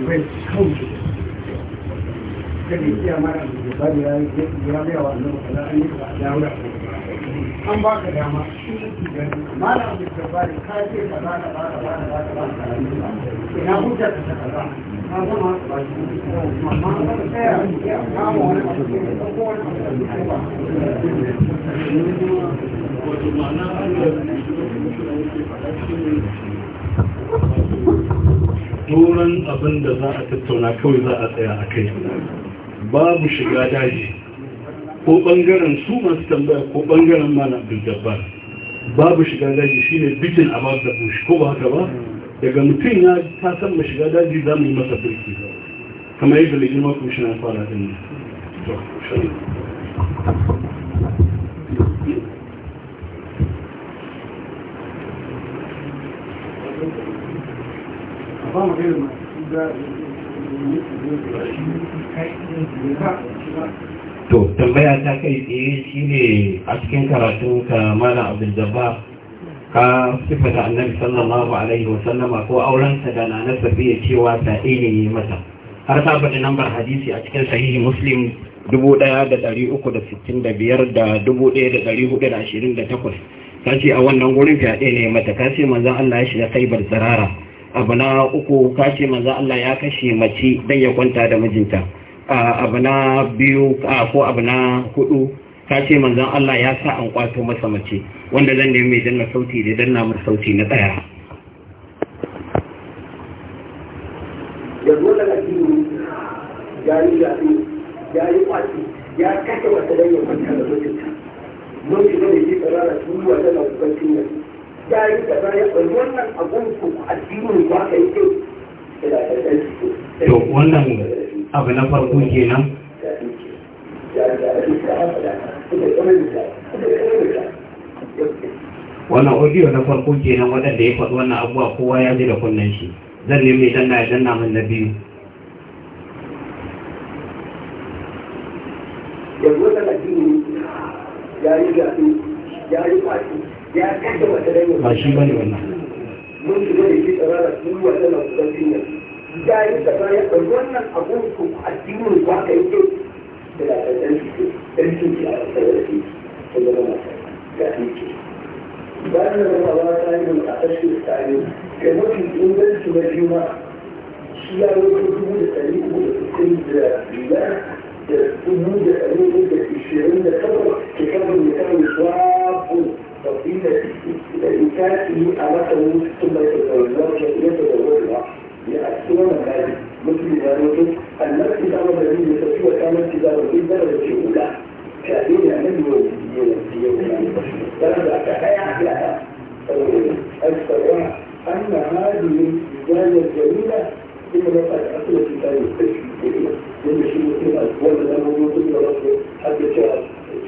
tambayar kan iya mara da ba da ya mai wa annabi kaza an ka dama shi ne gani mala da ka ba ko wani abu ne ba wato doron abin da za a tattauna kawai za a tsaya a kai babu shiga daji ko bangaren su masu tambaya ko bangaren mana abdulgabbar babu shiga daji shine bikin a ba da bushi ko ba haka ba daga mutum ya ta san shiga daji za mu yi masa birki kamar yadda legimar kwamishinan fara din to tambaya ta kai tsaye ne a cikin karatun ka malam abdul jabbar ka da annabi sallallahu alaihi wa sallama ko aurensa da na biya cewa ta ne mata har ta faɗi nambar hadisi a cikin sahihi muslim 1365 da 1428 ta ce a wannan gurin fyaɗe ne mata ka ce manzan Allah ya shiga bar tsirara abu na uku ka ce manzo Allah ya kashe mace dan ya kwanta da mijinta abu na biyu ko abu na hudu ce manzon Allah ya sa an kwato masa mace wanda zan nemi mai danna sauti da danna mar sauti na tsaya yanzu da kake ya yi ya yi kwaci ya kashe wata dan ya kwanta da mijinta mun ji ne ji tsara da duniya da lokacin nan ya wannan abun to wannan abu na farko kenan wannan audio na farko kenan waɗanda ya faɗi wannan abuwa kowa ya ji da kunnen shi zan nemi na ya danna min na biyu yanzu jini ya yi gafi ya yi fashi ba shi bane wannan mun shiga da shi tsarara su wannan kudancin nan ya yi tsarara ya ɗauki wannan abun su addinin ku haka yake da ɗan ɗan ki a tsarara da shi sun zama masu ga ɗanki bayan da zama ba ta yi da a tashi da tsari kai mafi inganci na biyu ma shi ya yi wata dubu da ɗari uku da sittin da biyar da dubu da ɗari uku da ishirin da takwas ke kan da kan shafin تفضيل الإنسان في علاقة ثم يتزوج يتزوجها لأكثر هذه مثل ذلك النفس الأمر الذي يستطيع كانت تدار في الدرجة الأولى كأين من يوم درجة كأي لها السواء أن هذه الزاوية الجميلة إذا بقت أصل في ثاني لأن الشيء مثل الأول الأمر يطلب ربه حتى شهر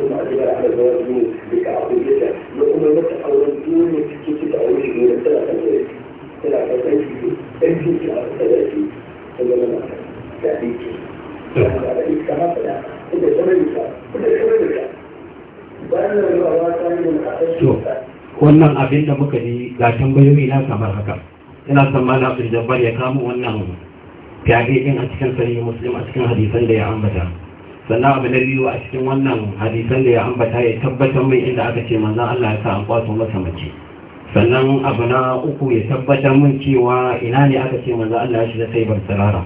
ثم أجبر على منه دون من ثلاثة ثلاثة ثلاثة كما فلا من wannan abin da muka yi ga tambayoyi na kamar haka ina tsammanin abin jabbar ya kamo wannan fyaɗe din a cikin sanyi muslim a cikin hadisan da ya ambata sannan abu na biyu a cikin wannan hadisan da ya ambata ya tabbatar mai inda aka ce manzan Allah ya sa an kwato masa mace sannan abu na uku ya tabbatar mun cewa ina ne aka ce manzan Allah ya shiga sai barsirara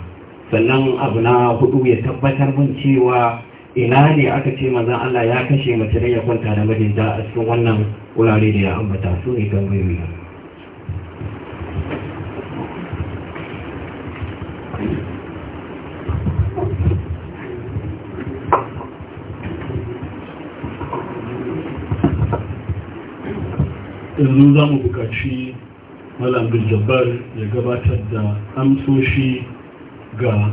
sannan abu na hudu ya tabbatar mun cewa ina ne aka ce manzan Allah ya kashe mace dan ya kwanta da mijinta a cikin wannan wurare da ya ambata su ne tambayoyi yanzu za mu bukaci malam jabbar ya gabatar da amsoshi ga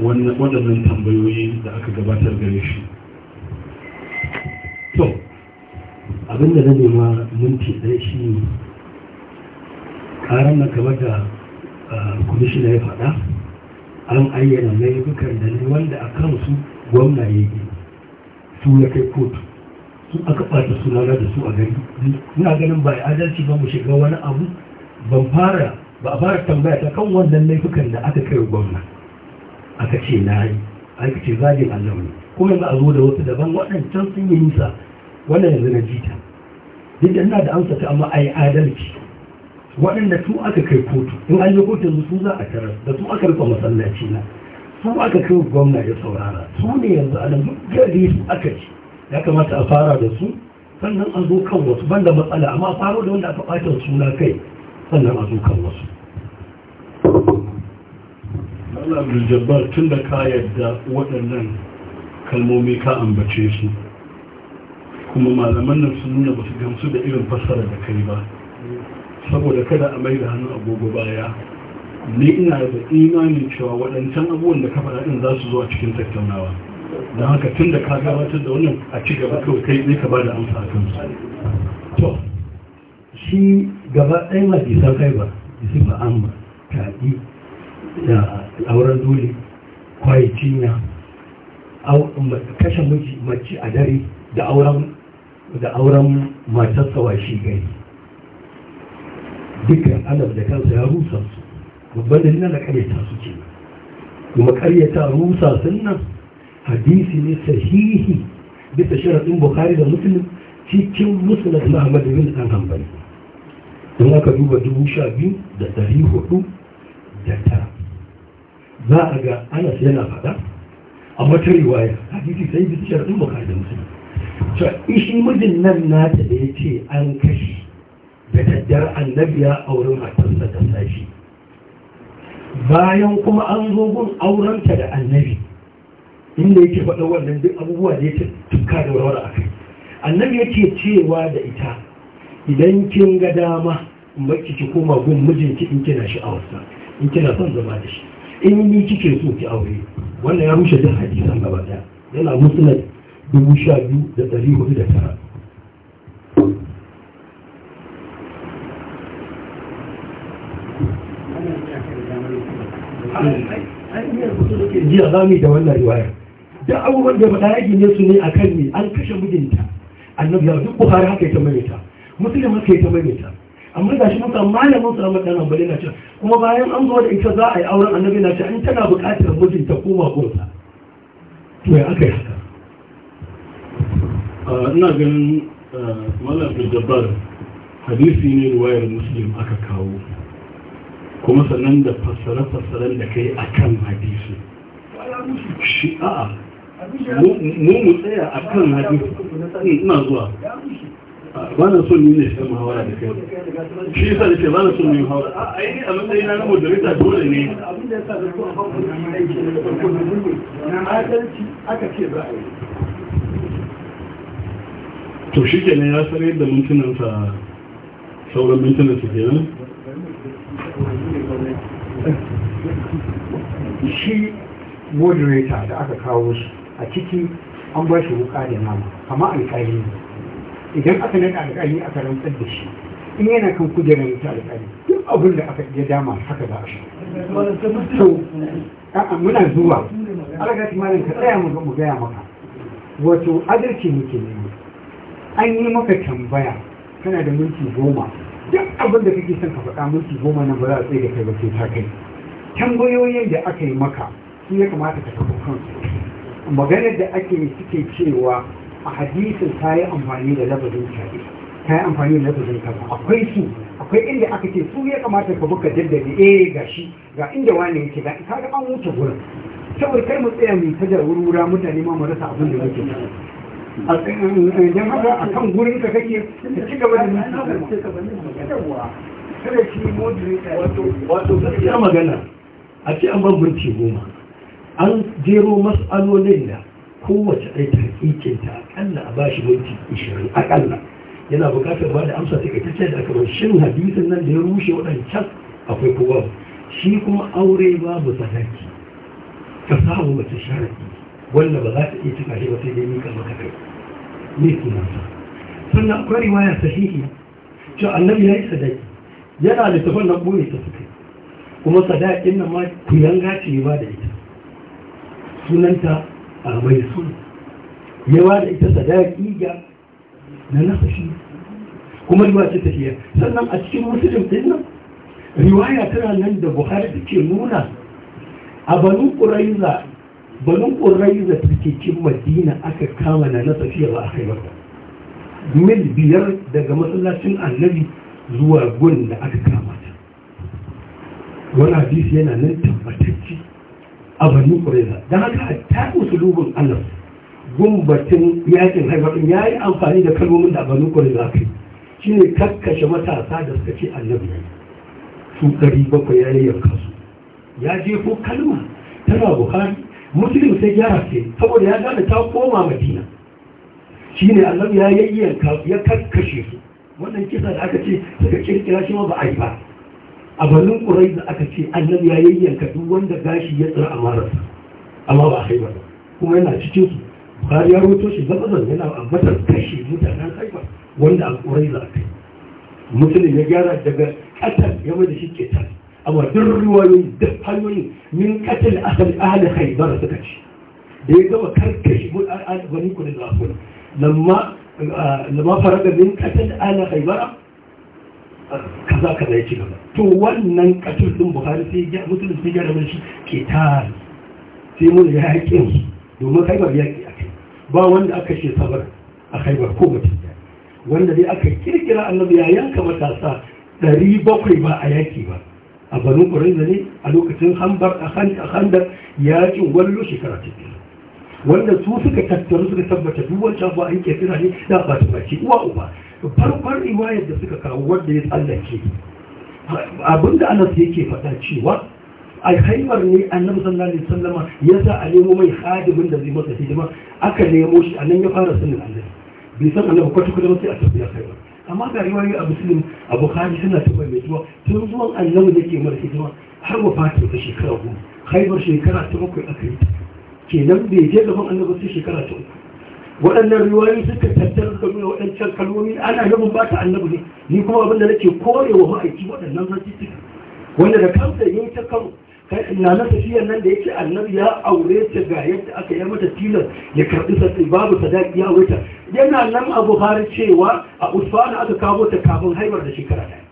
waɗannan tambayoyi da aka gabatar gare shi to abinda na nema minti ɗaya shi ƙarar na gaba da na ya faɗa an ayyana laifukan da ne wanda a kansu gwamna ya yi su ya kai kotu su aka ɓata sunana da su a gari ina ganin ba adalci ba mu shiga wani abu ban fara ba a fara tambaya ta kan wannan laifukan da aka kai gwamna aka ce na yi aka ce zagin allah ne kuma yanzu a zo da wasu daban waɗancan sun yi nisa wannan yanzu na jita duk da ina da amsa ta amma a yi adalci waɗanda su aka kai kotu in an yi kotun su za a tarar da su aka rufe masallaci na su aka kai gwamna ya saurara su ne yanzu a nan duk gari su aka ce ya kamata a fara da su sannan a zo kan wasu banda matsala amma faro da wanda aka ɓata suna kai sannan a zo kan wasu Allah jabbar tun da ka yadda waɗannan kalmomi ka ambace su kuma malaman nan sun nuna ba gamsu da irin fassara da kai ba saboda kada a mai da hannun agogo baya ni ina da imanin cewa waɗancan abubuwan da ka faɗa za su zo a cikin tattaunawa da haka tun da ka gabatar da wannan a ci gaba kawai kai zai ka da amsa a kan to shi gaba ɗaya ma bai san kai ba su ba an ba taɗi da auren dole kwaye cinya kashe miji mace a dare da auren da auren matar wa shi gari dukkan alam da kansa ya rusa su babban da nuna da karyata su ce kuma karyata rusa sun nan hadisi ne sahihi bisa sharaɗin bukhari da musulun cikin musnad na ahmad bin dan hanbali don aka duba dubu sha biyu da ɗari hudu da tara za a ga anas yana faɗa a wata riwaya hadisi sai bisa sharaɗin bukhari da musulun to ishi mijin nan nata da ya ce an kashi da daddar annabiya a wurin matarsa ta sashi bayan kuma an zo gun aurenta da annabi inda yake faɗa wannan duk abubuwa da yake tukka da warware a kai annabi yake cewa da ita idan kin ga dama baki ki koma gun mijinki in kina shi a wasa in kina son zama da shi in ni kike so ki aure wannan ya rushe duk hadisan gaba daya yana musnad dubu sha biyu da ɗari hudu da tara jiya za mu yi da wannan riwayar da abubuwan da bada yake ne su ne a kan ne an kashe mijinta annabi ya duk buhari haka ya ta maimaita musulun haka ya ta maimaita amma ga shi muka malamin su ramar ɗan ambali na ce kuma bayan an zo da ita za a yi auren annabi na ce an tana buƙatar mijinta ko makonsa to ya aka yi haka ina ganin malam jabbar hadisi ne wayar muslim aka kawo kuma sannan da fassare-fassaren da ka yi a kan hadisi shi a'a mu mu tsaya a kan hadisi eh, ina zuwa ba na son yi ne shi muhawara da kai shi yasa da ke ba na son yi muhawara a yi a matsayi na namo da rita dole ne na aiki aka ce za a yi to shi ke ya san da mintunansa sauran mintunansa ke nan shi moderator da aka kawo su a ciki an ba shi wuka da nama amma alƙali ne idan aka naɗa alƙali aka rantsar da shi in yana kan kujerar mutu alƙali duk abin da aka ya dama haka za a shi muna zuwa alaga malam ka tsaya mu gaya maka wato adalci muke ne? an yi maka tambaya kana da minti goma duk abin da kake son ka faɗa mulki goma nan ba za a tsaye da kai ba sai ta kai tambayoyin da aka yi maka su ya kamata ka tafi kansu maganar da ake suke cewa a hadisin ta yi amfani da lafazin shafi ta yi amfani da lafazin kaza akwai su akwai inda aka ce su ya kamata ka buka daddade eh ga shi ga inda wani yake ga ka ga an wuce gurin saboda kai mu tsaya mu ta da wurwura mutane ma mu rasa abin da muke don haka a kan gurin ka kake ka ci gaba da nuna wato wato gaskiya magana a ce an ban goma an jero mas'alolin da kowace ɗai ta hakikinta akalla a bashi minti ishirin akalla yana buƙatar ba da amsa ta ta da aka bar shin hadisin nan da ya rushe waɗancan akwai kuma shi kuma aure babu sadaki ka samu mace sharaɗi wanda ba za ta iya cika shi ba sai dai ka maka kai ne sa? sannan akwai riwaya sahihi cewa annabi ya yi sadaki yana littafin nan boye ta suke kuma sadakin nan ma kuyanga ce ba da ita sunanta a mai sun yawa da ita sadaki ga na nasashi kuma riwa ce tafiya sannan a cikin musulun din nan riwaya tana nan da buhari da ke nuna a banu ƙuraiza ta ƙuraiza cikin madina aka kama na tafiya ba a kai mata mil biyar daga masallacin annabi zuwa gun da aka kama ta wani hadisi yana nan tabbatacce a bani kureza don haka ta usulubin allah gumbatin yakin haifafin ya yi amfani da kalmomin da za ka yi shi ne kakkashe matasa da suka ce annabi su ɗari bakwai ya yi yanka su ya ko kalma tana buhari musulun sai gyara ce saboda ya gane ta koma madina shi ne annabi ya yi yanka ya kakkashe su wannan kisa da aka ce suka kirkira shi ma ba a yi ba a banin ƙurai da aka ce annabi ya yayyanka duk wanda gashi ya tsira a marasa amma ba ba, kuma yana cikin su ba ya roto shi zabazan yana ambatar kashe mutanen haifar, wanda a ƙurai za a kai musulun ya gyara daga ƙatar ya mai da shi ke tare amma duk ruwayoyi duk hanyoyin min ƙatar asali ahalin haibar suka ce da ya gama karkashe banin ƙurai da ma lamma faraga min ƙatar ahalin haibar kaza kaza ya ci gaba to wannan katul din buhari sai ya mutum sai ya rabu shi ke tare sai mun ya yakin su domin khaibar yaki kai ba wanda aka ce sabar a khaibar ko mutum wanda dai aka kirkira annabi ya yanka matasa ɗari bakwai ba a yaki ba a banu ƙurinza ne a lokacin hambar a handar yakin wallo shekara ta biyu wanda su suka tattaru suka tabbata duk wancan ba an kefira ne da ba ta baki uwa uba farkon riwayar da suka kawo wanda ya tsallake abinda anas yake faɗa cewa a haimar ne annabi sallallahu alaihi wasallama ya sa a nemo mai hadimin da zai masa hidima aka nemo shi anan ya fara sanin annabi bai san annabi kwata kwata sai a tafiya kai ba amma ga riwayoyi a muslim a bukhari suna tafiya mai zuwa tun zuwan annabi da ke mara hidima har wa fata ta shekara goma haimar shekara ta bakwai aka yi kenan bai je gaban annabi sai shekara ta uku waɗannan riwayoyi suka tattara da nuna waɗancan kalmomi ana yawan ba ta annabi ne ni kuma abin da nake korewa ma'aiki waɗannan rajistika wanda da kansa yi ta karo na na tafiyar nan da yake annabi ya aure ta ga yadda aka yi mata tilas ya karɓi sassai, babu sadaki ya aure yana nan abu har cewa a usfana aka kawo ta kafin haifar da shekara ɗaya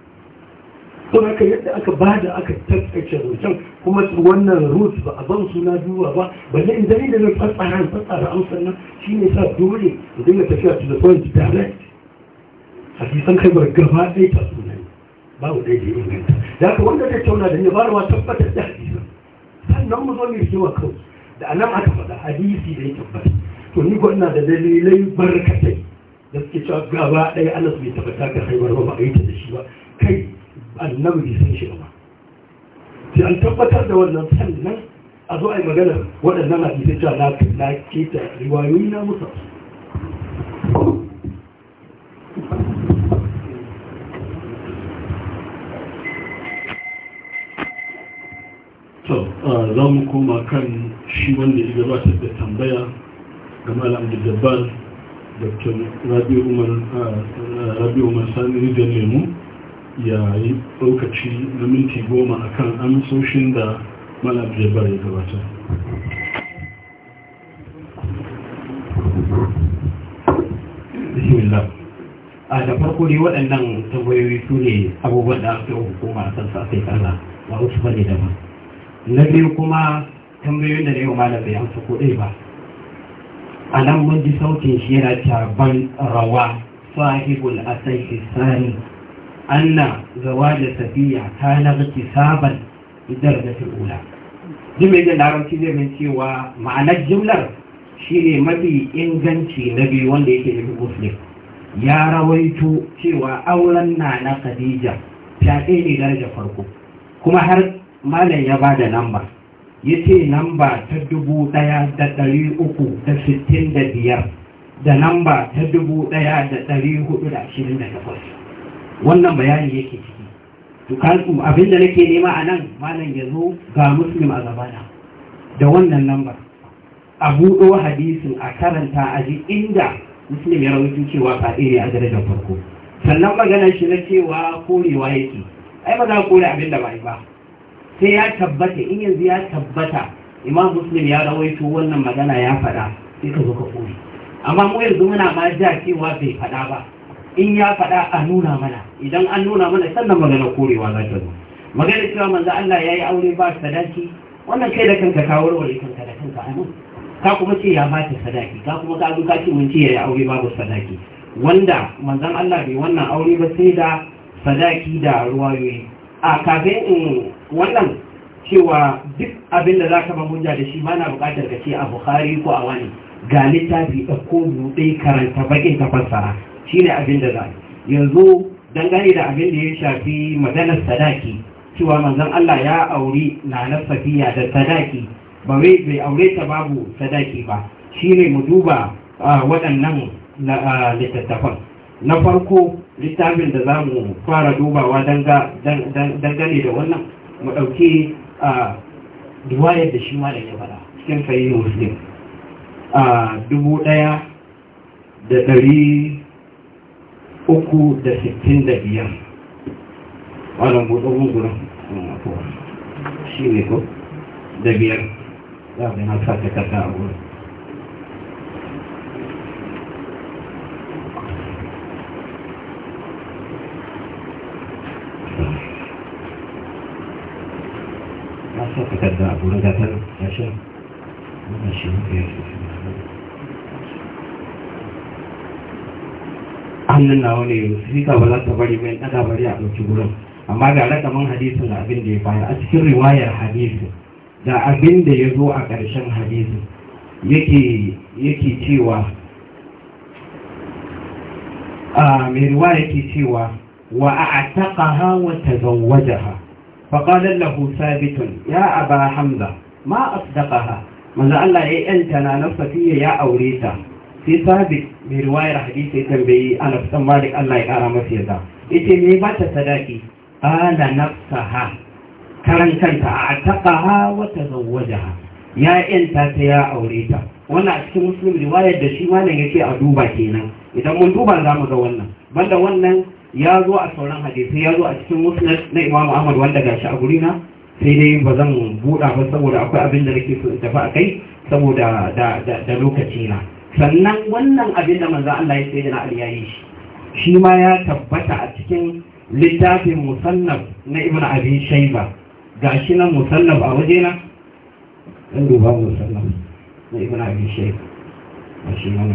don haka yadda aka ba da aka tattace rancen kuma wannan rut ba a ban suna duwa ba balle in zai da na da tsatsara amsar nan shi ne sa dole da dinga tafiya to the point direct hadisan kai bar gaba ɗaya ta suna ne ba mu daidai inganta da ka wanda ta tauna da ba tabbatar da hadisan sannan mu zo mu wa kawai da anan aka faɗa hadisi da ya tabbata to ni gwanna da dalilai barkatai da suke cewa gaba ɗaya anas bai tabbata ka haibar ba ba a yi ta da shi ba kai annabi bai san ba sai an tabbatar da wannan sannan a zo a yi magana waɗannan hadisai ta na na ta riwayoyi na musa za mu koma kan shi wanda ya gabatar da tambaya ga malam Dabbar, dr rabi umar sani rijiyar lemu ya yi lokaci na minti goma a kan amsoshin da malam jabar ya gabata a da farko ne waɗannan tambayoyi su ne abubuwan da aka hukuma a sassa sai kalla ba wasu bane ba, na biyu kuma tambayoyin da na yau malam bai amsa ko ɗaya ba a nan mun ji sautin shi yana taban rawa sahibul asai sani anna da safiya ta na saban idar da ula mai da larabci zai mai cewa ma'anar jimlar shine mafi inganci na biyu wanda yake nufi muslim ya rawaito cewa auren na na khadija ɗaya ne daraja farko kuma har malam ya ba da namba ya ce namba ta dubu ɗaya da ɗari uku da sittin da biyar da namba ta dubu ɗaya da ɗari hudu da ashirin da takwas wannan bayani yake ciki abin abinda nake nema a nan malam ya zo ga muslim a gabana da wannan lambar a buɗo hadisin a karanta a ji inda muslim ya rawaito cewa ka ne a darajar farko sannan magana shi na cewa korewa yake ai ba za kore abin da bai ba sai ya tabbata in yanzu ya tabbata imam muslim ya rawaito wannan magana ya faɗa sai ka zo ka kore amma mu yanzu muna ma ja cewa bai faɗa ba in ya faɗa a nuna mana idan an nuna mana sannan maganar korewa za ta zo magana cewa manzo Allah yayi aure ba sadaki wannan kai da kanka ka warware kanka da kanka a nan ka kuma ce ya ba ta sadaki ka kuma ka duka ce mun ce yayi aure babu sadaki wanda manzon Allah bai wannan aure ba sai da sadaki da ruwa ruwayoyi a kafin in wannan cewa duk abin da za ka ja da shi ba na bukatar ka ce a Bukhari ko a wani ga littafi ɗauko buɗe karanta bakin ka fassara shi ne abin da za yanzu dangane da abin da ya shafi maganar sadaki cewa manzon Allah ya auri na na safiya da sadaki ba bai aure ta babu sadaki ba shi ne mu duba waɗannan littattafan na farko littafin da za mu fara dubawa dangane da wannan mu ɗauki duwayar da shi malam ya faɗa cikin sayi muslim dubu ɗaya da ɗari uku da sittin da biyar wannan buɗe gurin shi ne ko da biyar za mu yana sa takarda a gurin na sa takarda a gurin gatar ya sha wannan shi ne ya hannun nawa ne sika ba za ta bari bayan ɗaga bari a ɗauki gurin amma ga kaman hadisin da abin da ya bayar a cikin riwayar hadisin da abin da ya zo a ƙarshen hadisin yake cewa a mai riwaya yake cewa wa a ha? wa tazawwajaha faƙalar lahu sabitun ya aba hamza ma ha? manzo Allah ya yanta na nafsa ya aure ta sai sabit mai riwayar hadisi tambayi a dan malik Allah ya kara masu yadda ita me ba ta sadaki ala ha karan kanta a taɓa ha taqaha wa ha ya yanta ta ya aure ta wannan a cikin musulun riwayar da shi malam yace a duba kenan idan mun duba za mu ga wannan banda wannan ya zo a sauran hadisi ya zo a cikin musulun na Imam ahmad wanda gashi a na sai dai ba zan buɗa ba saboda akwai abin da nake so in tafi a kai saboda da lokaci na sannan wannan abin da manzo Allah ya sai da Ali ya yi shi shi ma ya tabbata a cikin littafin musannaf na Ibn Abi Shayba gashi nan musannaf a waje na dan duba musannaf na Ibn Abi Shayba shi ma ne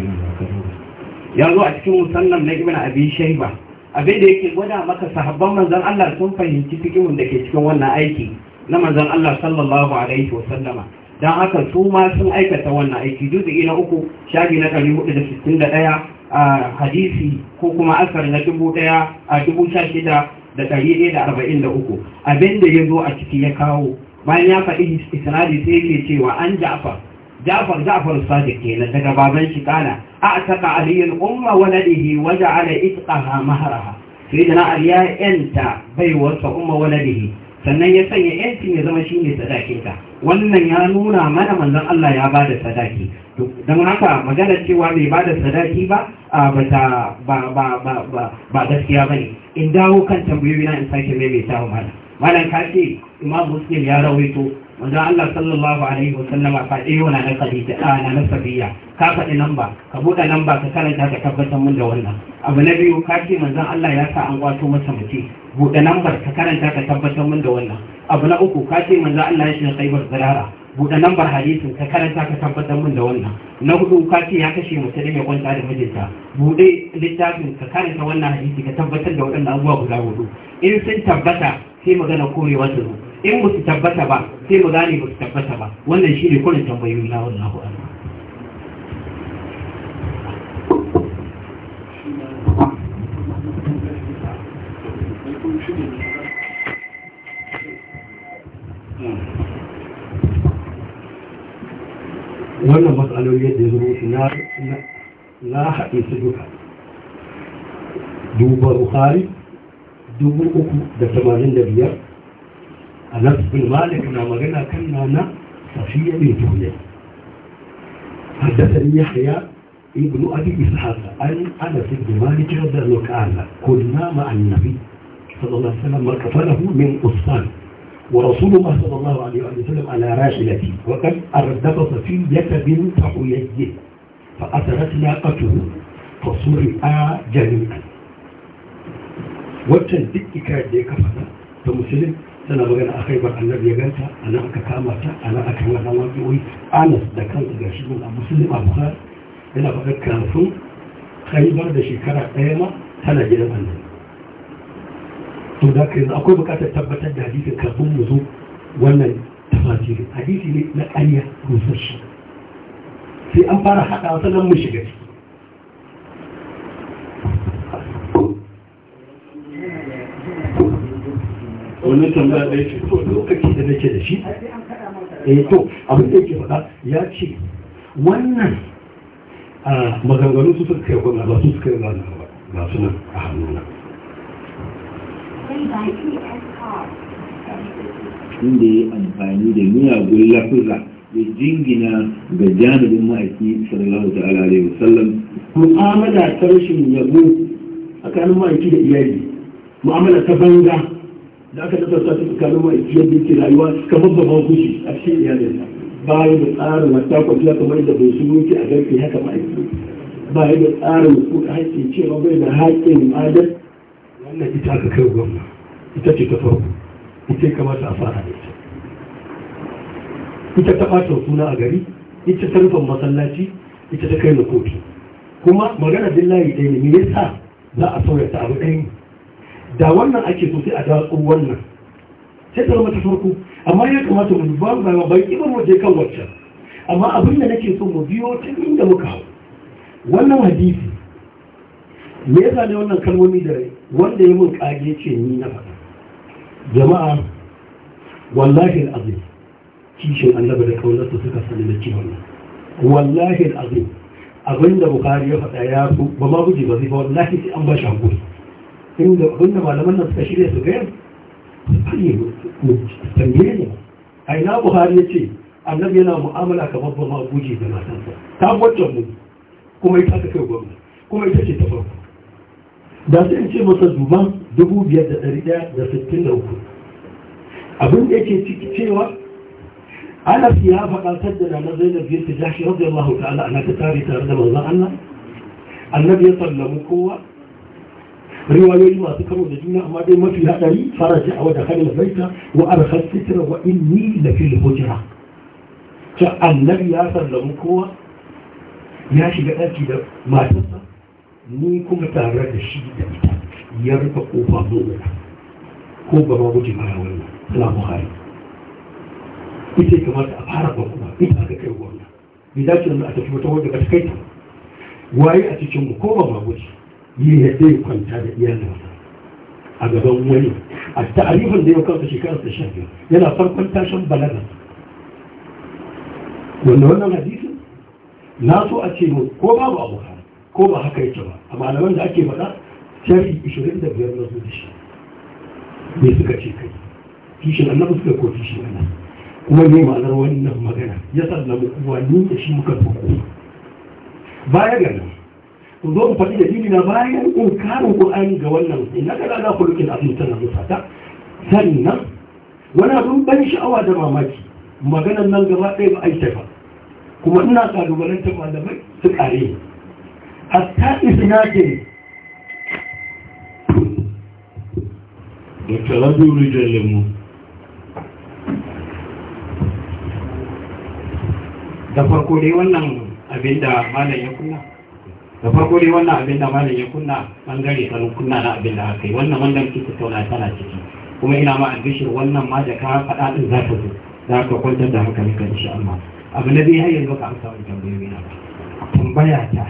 ya zo a cikin musannaf na Ibn Abi Shayba abin da yake gwada maka sahabban manzon Allah sun fahimci fikihun da ke cikin wannan aiki na manzon Allah sallallahu alaihi wa sallama don haka su ma sun aikata wannan aiki da ina uku shafi na ɗari hudu da sittin da ɗaya a hadisi ko kuma asar na dubu ɗaya a dubu sha shida da ɗari ɗaya da arba'in da uku abin da ya zo a ciki ya kawo bayan ya faɗi isnadi sai yake cewa an ja'far ja'far ja'far sadiq kenan daga baban shi kana a taka aliyul umma waladihi wa ja'ala itqaha mahraha sai da na aliya yanta baiwarsa umma waladihi sannan ya sanya yancin ya zama shine sadakinta wannan ya nuna mana manzon Allah ya bada sadaki don haka magana cewa bai bada sadaki ba ba ta ba ba ba ba ba gaskiya bane in dawo kan tambayoyi na in sake mai mai tawo mana malam ka imam muslim ya rawaito manzon Allah sallallahu alaihi wasallama fa dai eh, na na na ka faɗi ba ka buɗe ba ka karanta ka tabbatar mun da wannan abu na biyu kace manzon Allah ya sa an kwato masa mace buɗe lambar ka karanta ka tabbatar min da wannan abu na uku ka ce manzo Allah ya shiga khaybar zarara buɗe lambar hadisin ka karanta ka tabbatar min da wannan na hudu ka ce ya kashe musulmi ya kwanta da mijinta buɗe littafin ka karanta wannan hadisi ka tabbatar da waɗannan abubuwa guda hudu in sun tabbata sai magana korewa ta zo in ba su tabbata ba sai mu gane ba su tabbata ba wannan shi ne tambayoyi na wannan a'lam wannan matsaloli yadda ya zo musu na haɗe su duka duba bukari dubu uku da tamanin da biyar a nasibin malik na magana kan nana safiya ne duniya حدثني يحيى ابن أبي إسحاق عن أنس بن مالك رضي الله عنه كنا مع النبي صلى الله عليه وسلم مركفله min أسفان ورسول الله صلى الله عليه وسلم على راحلته وقد أردف صفية بنت حيي فأثرت ناقته فصرئا جميعا watan duk ikirarda ya kafa ta ta musulun tana magana a khaibar annabi ya ganta ana aka kama ta ana aka yi wannan wajiyoyi da kansa ga shi a musulun a bukhari yana faɗar kafin khaibar da shekara ɗaya ma tana gidan annabi to da ka yanzu akwai bukatar tabbatar da hadisin kafin mu wannan tafasirin hadisi ne na ƙarya rusasshe sai an fara haɗa sanan mun shiga ciki wani tambaya da yake to lokaci da nake da shi eh to abin da yake faɗa ya ce wannan ah, maganganu su suka kai gwamna ba su suka yi ba ba su nan a hannuna inda ya yi amfani da miyagun lafiza ya jingina ga janibin ma'aiki sallallahu ta'ala alaihi wasallam mu'amala ta rashin yabo kanin ma'aiki da iyali mu'amala ta banga da aka tattara ta tsakanin ma'aiki yadda ke rayuwa ka babba ma a cikin iyalinsa bayan da tsarin wata kwafiya kamar da bai su yake a garke haka ma'aiki bayan da tsarin kuka haƙƙin cewa bai da haƙƙin adalci wannan ita aka kai gwamna ita ce ta farko ita ya kamata a fara da ita ita ta ɓata suna a gari ita ta rufe masallaci ita ta kai na kotu kuma magana layi ɗaya ne me yasa za a sauya ta abu ɗaya da wannan ake so sai a datsu wannan sai ta zama ta farko amma ya kamata mu ba mu ba ibar waje kan waccan amma abin da nake so mu biyo tun inda muka hau wannan hadisi me yasa ne wannan kalmomi da rai? wanda ya mun kage ce ni na faɗa jama'a wallahi azim kishin annabi da kaunarsa suka sani da cewa wallahi azim abinda bukari ya faɗa ya su ba ma guji ba zai ba wallahi sai an ba shi hankuri inda abinda malaman nan suka shirya su gaya tambaye ne a ina buhari ya ce annabi yana mu'amala kamar ba ma guji da matansa ta wancan mu kuma ita ta kai gwamna kuma ita ce ta farko da su ce masa duban uku, abin da yake ciki cewa anas ya faɗa da na zainab bin ta jashi rabbi allahu ta'ala ana ta tare tare da manzan allah annabi ya sallamu kowa riwayoyi masu karo da juna amma dai mafi haɗari faraji a wadda kalin baita wa arhar sitira wa inni da fil hujra ta annabi ya sallamu kowa ya shiga ɗaki da matarsa ni kuma tare da shi da ita ya rufe kofa zuwa ko ba ma guje baya wannan tana buhari ita ya kamata a fara ba kuma ita aka kai wannan bai dace wannan a tafi wata ba ta kai ta waye a cikin mu ko ba ma guje yi yadda ya kwanta da sa, a gaban wani a ta'arifin da ya kansa shekarar da sha biyu yana farkon tashin balaga wanda wannan hadisin na so a ce ko babu abu ko ba haka yake ba a malaman da ake faɗa shari'i ishirin da biyar na zuwa shi ne suka ce kai kishin annabi suka ko kishin annabi kuma ne ma'anar wannan magana ya da kuwa ni da shi muka tuko baya ga nan ku zo ku faɗi da na bayan in karin ƙur'ani ga wannan ina ka lada kulukin abin tana musata sannan wani abin ban sha'awa da mamaki maganan nan gaba ɗaya ba a yi kuma ina ƙalubalantar malamai su ƙare hatta isnake Dr. Rabi Rijiyar Lemu da farko dai wannan abin da malam ya kunna da farko dai wannan abin da malam ya kunna bangare kan kunna na abin da aka yi wannan wannan kika tauna tana ciki kuma ina ma albishir wannan ma da ka faɗa din za ka zo za ka kwantar da kan insha amma, abu na biyu har yanzu ka amsa wani tambayoyi na tambaya ta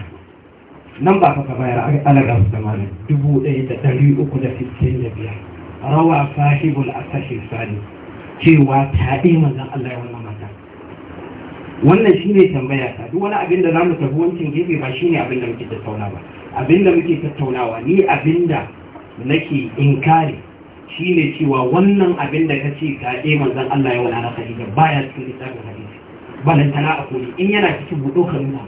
nan ba ka bayar alaga su da malin dubu ɗaya da ɗari uku da sittin da biyar rawa sahibul asashi sani cewa taɗe manzan Allah ya wannan mata wannan shi ne tambaya ta duk wani abin da za mu tafi wancan gefe ba shi ne abin da muke tattauna ba abin da muke tattaunawa ni abin da nake inkari shi ne cewa wannan abin da ka ce taɗe manzan Allah ya wani ana da baya cikin littafin hadisi balantana a koli in yana cikin buɗo ka nuna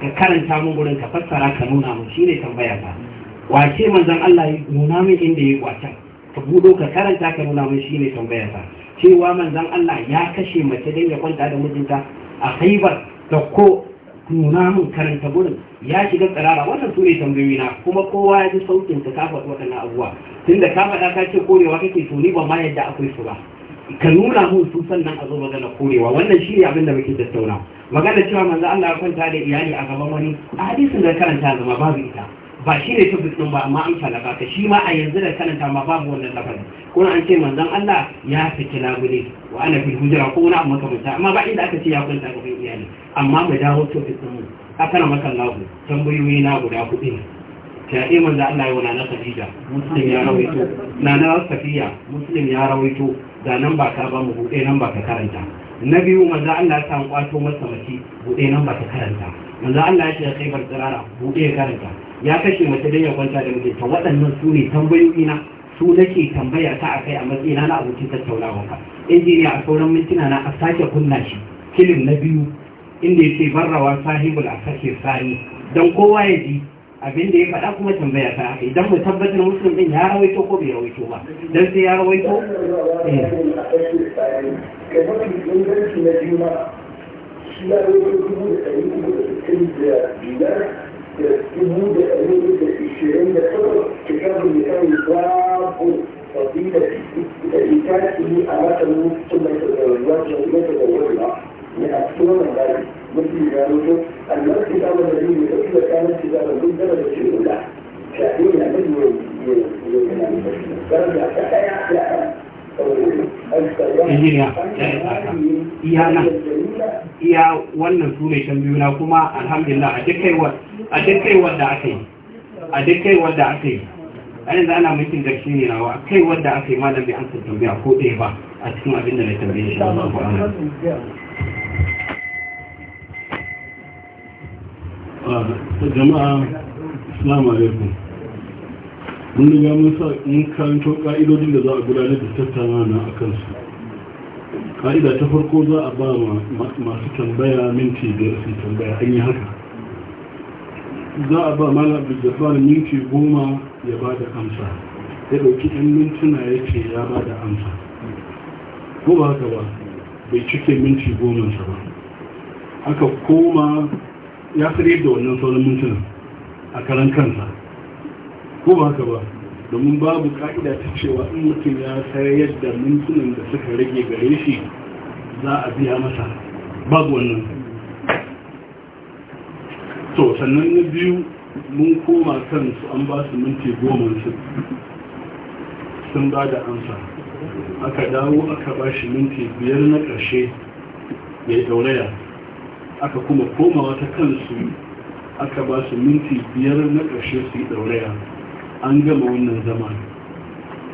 ka karanta mun gurin ka fassara ka nuna mun shine tambaya ta wace manzon Allah ya nuna min inda ya kwata ka budo ka karanta ka nuna mun shine tambaya ta cewa manzon Allah ya kashe mace dan ya kwanta da mijinta a Khaibar da ko nuna mun karanta gurin ya shiga tsirara wannan su ne tambayoyi na kuma kowa ya ji sautin ka faɗi waɗannan abubuwa tunda ka faɗa ka ce korewa kake to ba ma yadda akwai su ba ka nuna mun su sannan a zo magana korewa wannan shi ne abin da muke tattauna magana cewa manzo Allah ya kwanta da iyali a gaban wani a hadisin da karanta zama babu ita ba shi ne tabbas din ba amma an falaka ka shi ma a yanzu da karanta ma babu wannan lafazi ko an ce manzo Allah ya saki labule wa ana fil hujra ko wani amma kamar amma ba inda aka ce ya kwanta gaban iyali amma mai dawo to fitin mu akana maka lahu tambayoyi na guda kudi ne yi manzo Allah ya wa na Khadija muslim ya rawaito nana Safiya muslim ya rawaito da nan ba ka ba mu buɗe nan ba ka karanta na biyu manzo Allah ya san kwato masa mace buɗe nan ba ka karanta manzo Allah ya ce sai bar tsirara buɗe karanta ya kashe mace dan ya kwanta da mijinta. waɗannan su ne tambayoyi na su nake tambayar ka akai a matsayina na abokin tattaunawa ka injiniya a sauran mintuna na a sake kunna shi kilin na biyu inda ya ce barrawa sahibul a sani don kowa ya ji abin da ya faɗa kuma tambaya ta idan mu tabbatar muslim din ya rawaito ko bai rawaito ba dan sai ya rawaito eh فضيلة إتاته أمات المسلمة تزوجها وتزوجها من أكثر من ذلك مثل ذلك الملك الأول الذي يكتب كانت كتابة كل درجة شيء yi شاهدين أنه درجة حتى yi. injiniya iya nan iya wannan su ne biyu na kuma alhamdulillah a duk wanda aka yi a duk wanda aka yi a yanzu ana mulkin garshi ne nawa kai wanda aka yi malam bi an tambaya ko ɗaya ba a cikin abin da na tambaye shi A jama'a islamu alaikum mun riga mun karanto ka'idodin da za a gudanar da tattauna na a kansu ka'ida ta farko za a ba masu tambaya minti biyar su tambaya an yi haka za a ba malam abdul minti goma ya ba da amsa ya ɗauki 'yan mintuna ya ce ya ba da amsa ko ba haka ba bai cike minti goma sa ba aka koma ya tsire da wannan sauran mintuna a karan kansa ko ba haka ba domin babu ka'ida ta cewa in mutum ya sayar yadda mintunan da suka rage gare shi za a biya masa babu wannan to sannan na biyu mun koma kansu an ba su minti goma su sun ba da amsa aka dawo aka ba shi minti biyar na ƙarshe ya yi dauraya aka kuma komawa ta kansu aka ba su minti biyar na ƙarshe su yi ɗauraya an gama wannan zama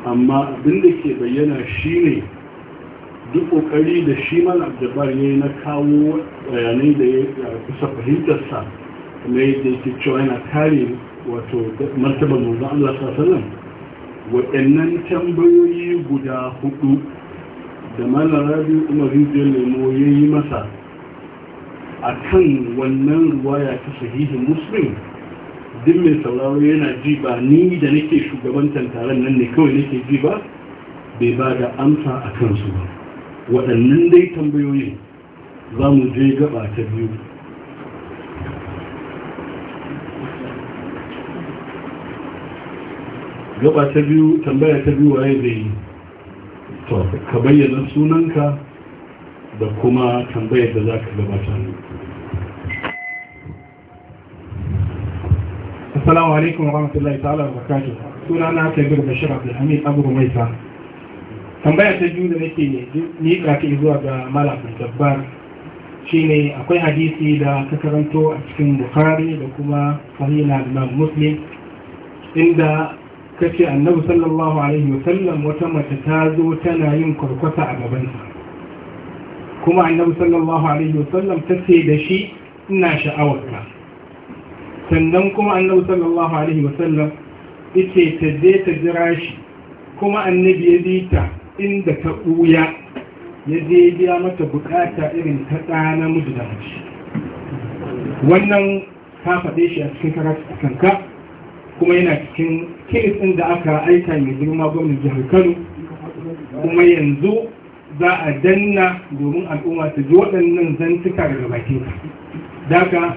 amma abin da ke bayyana shi ne, duk ƙoƙari da shi mal ya yi na kawo bayanai da ya kusa fahimtarsa mai yadda yake cewa yana kare wato martabar mazan Allah sallallahu waɗannan tambayoyi guda hudu da malar rabi umar ya yi masa a kan wannan ruwaya ta sahihin muslim duk mai sauraro yana ji ba ni da nake shugabantar taron nan ne kawai nake ji ba bai ba da amsa a kansu ba waɗannan dai tambayoyin za mu je gaba ta biyu gaba ta biyu tambaya ta biyu waye zai yi ka bayyana sunanka da kuma tambayar da za ka gabata ne Assalamu alaikum wa rahmatullahi ta'ala wa barakatuh. Suna na Kabir Bashir Abdulhamid Abu Maisa. Tambaya ta biyu da nake miƙa ta zuwa ga Malam Jabbar shine akwai hadisi da ka karanto a cikin Bukhari da kuma Sahih Imam Muslim inda kace Annabi sallallahu alaihi wa sallam wata mace ta zo tana yin kurkwata a gabansa. Kuma Annabi sallallahu alaihi wa sallam ta ce da shi ina sha'awarka. sannan kuma annabi sallallahu alaihi wasallam yace ta je ta jira shi kuma annabi ya bi ta inda ta ɓuya ya je biya mata bukata irin ta ɗa miji da mace wannan ka faɗe shi a cikin karatu a kanka kuma yana cikin ɗin da aka aika mai girma gwamnan jihar kano kuma yanzu za a danna domin al'umma ta ji waɗannan zantuka daga bakinka ka daga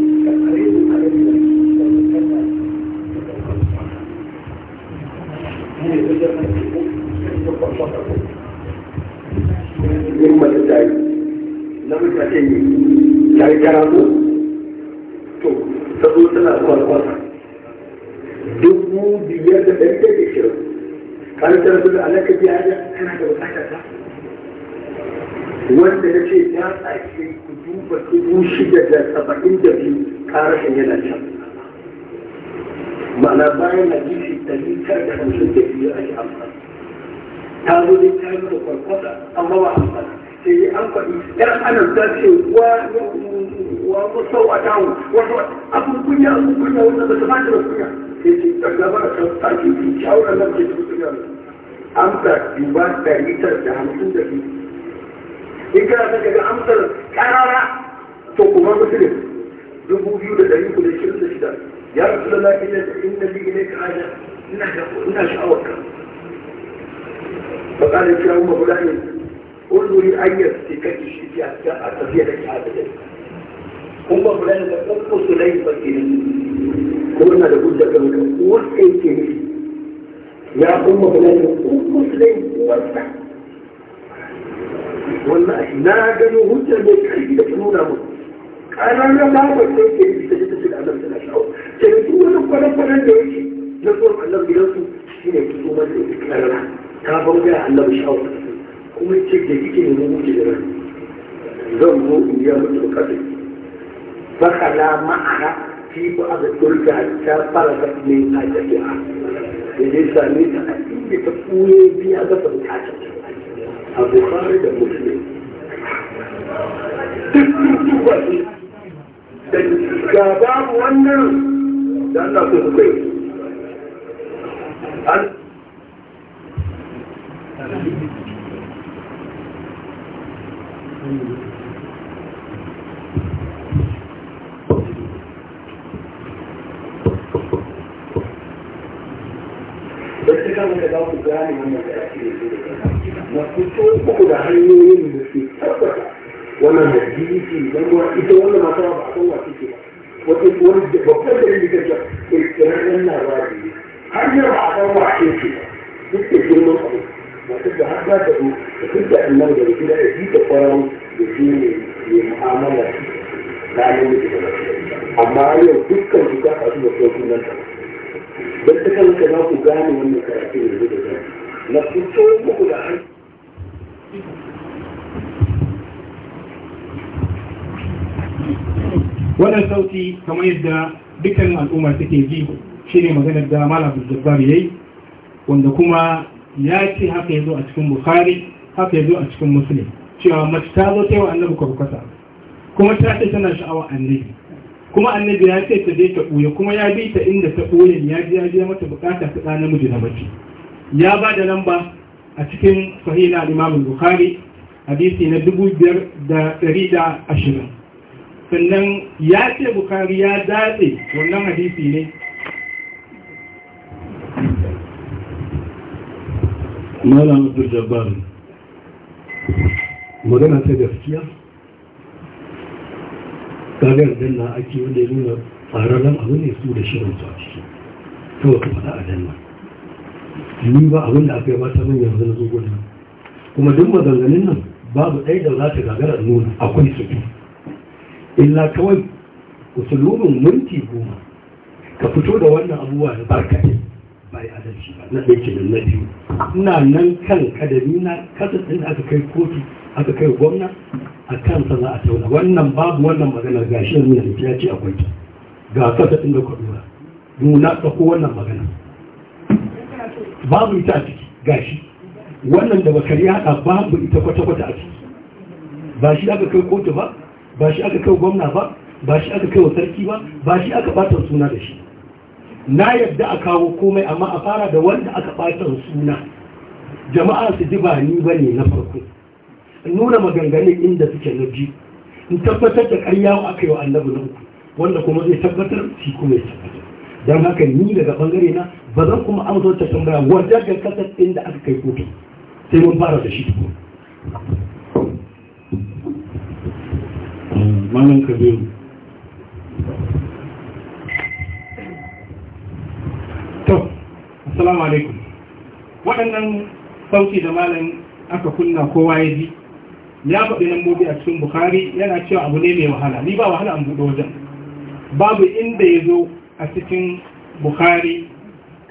ilimi ta yi karatu to sabo suna Duk dubu biyar da ɗari da shirin. kan ta rasu da alaka biya da kana da wata ta wanda ya ce ya tsaki ku duba dubu shida da saba'in da biyu karashin yana can ma'ana bayan hadisi ɗari tara da hamsin da biyu ake amfani ta zo dai ta yi da kwarkwasa amma ba amfani sai an faɗi yar ana ta ce wa wa musau a tawo wato abin kunya abin kunya wanda ba ta ma da kunya sai ce ta gaba da ta sake ki shawara nan ce ku kunya amsa duba da litar da hamsin da biyu in kana ta ga amsar karara to kuma musulun dubu biyu da ɗari kuɗa shirin da shida ya rasu da lafiya da inda bi ne ka haja ina sha'awar ka. Bakar da cewa ne. قول له يعير سكك الشيء في التفية لك عادة هم فلان تقص ليس كنين قلنا لابد كم قول أي كنين يا أم فلان تقص ليس وسع والمأسي ناجنوا هجة بكحيد كنونا مصر أنا لا أعرف كيف يستجد في الأمام في الأشعار سيكون لك ولا فلان يجي نقول أنه بلاسه شيء يكتوب الإكلال كافر بها أنه مش أوصف kuma ce da kike ne muke da rai zan zo in biya mutu bukatai fakala ma'ana fi ba a turka ta fara da ne a tafiya da zai same ta a inda ta kuye biya ga bukatar a bukari da musulmi duk wani da gaba wannan da Allah ku kai an da kan da za ku gane wannan da ake na fito uku da hanyoyin da ke tabbata wannan da jiki don kuma ita wannan mata ba a san wa take ba wata wani babban da yake da kirkirar yan labari har yau ba a san wa take ba duk da girman abu masu da har za ta zo da duk da annan da gida da ji da kwaron da shi ne mu'amala da annan da amma yau dukkan su ka kasu da sauƙin nan ta don ta ka za ku gane wannan karatu da zai da na fito muku da hankali wannan sauti kamar yadda dukkan al'umma take ji shine maganar da malam jabbar yayi wanda kuma ya ce haka ya zo a cikin bukhari haka ya zo a cikin muslim cewa mace ta zo ta yi wa annabi kwarkwasa kuma ta ce tana sha'awar annabi kuma annabi ya ce ta je ta ɓuya kuma ya bi ta inda ta ɓuya ya ji ya je mata bukata ta ɗa namiji na mace ya ba da lamba a cikin sahina imam bukhari hadisi na dubu biyar da ɗari da ashirin sannan ya ce bukhari ya datse wannan hadisi ne malam abdul jabbar magana ta gaskiya kagar danna ake wanda ya nuna tsararren abu ne su da shirin su a ciki kawai ka faɗa a danna ni ba abin da aka yi ba ta manyan yanzu na zogo kuma duk maganganun nan babu ɗaya da za ta gagara nuna akwai su illa kawai usulubin minti goma ka fito da wannan abubuwa da barkatai ba adalci ba na ɗaya kenan na biyu ina nan kan kadami na kasa da aka kai kotu aka kai gwamna a kan za a tauna wannan babu wannan maganar gashi yanzu da ya ce akwai ta ga kasa ɗin da kwaɗura nuna tsako wannan magana babu ita a ciki gashi wannan da bakari haɗa babu ita kwata-kwata a ciki ba shi aka kai kotu ba ba shi aka kai gwamna ba ba shi aka kai wa sarki ba ba shi aka bata suna da shi na yadda a kawo komai amma a fara da wanda aka ɓata suna jama'a su ji ba ni ba ne na farko nuna maganganun inda suke na biyu in tabbatar da ƙarya aka yi wa annabi na uku wanda kuma zai tabbatar shi kuma ya don haka ni daga bangare na ba zan kuma amsa ta tambaya wadda ga kasar inda aka kai kotu sai mun fara da shi tukun. Kabiru, assalamu alaikum waɗannan sauki da malam aka kunna kowa ya ji ya faɗi lambobi a cikin bukhari yana cewa abu ne mai wahala ni ba wahala an buɗe wajen babu inda ya zo a cikin bukhari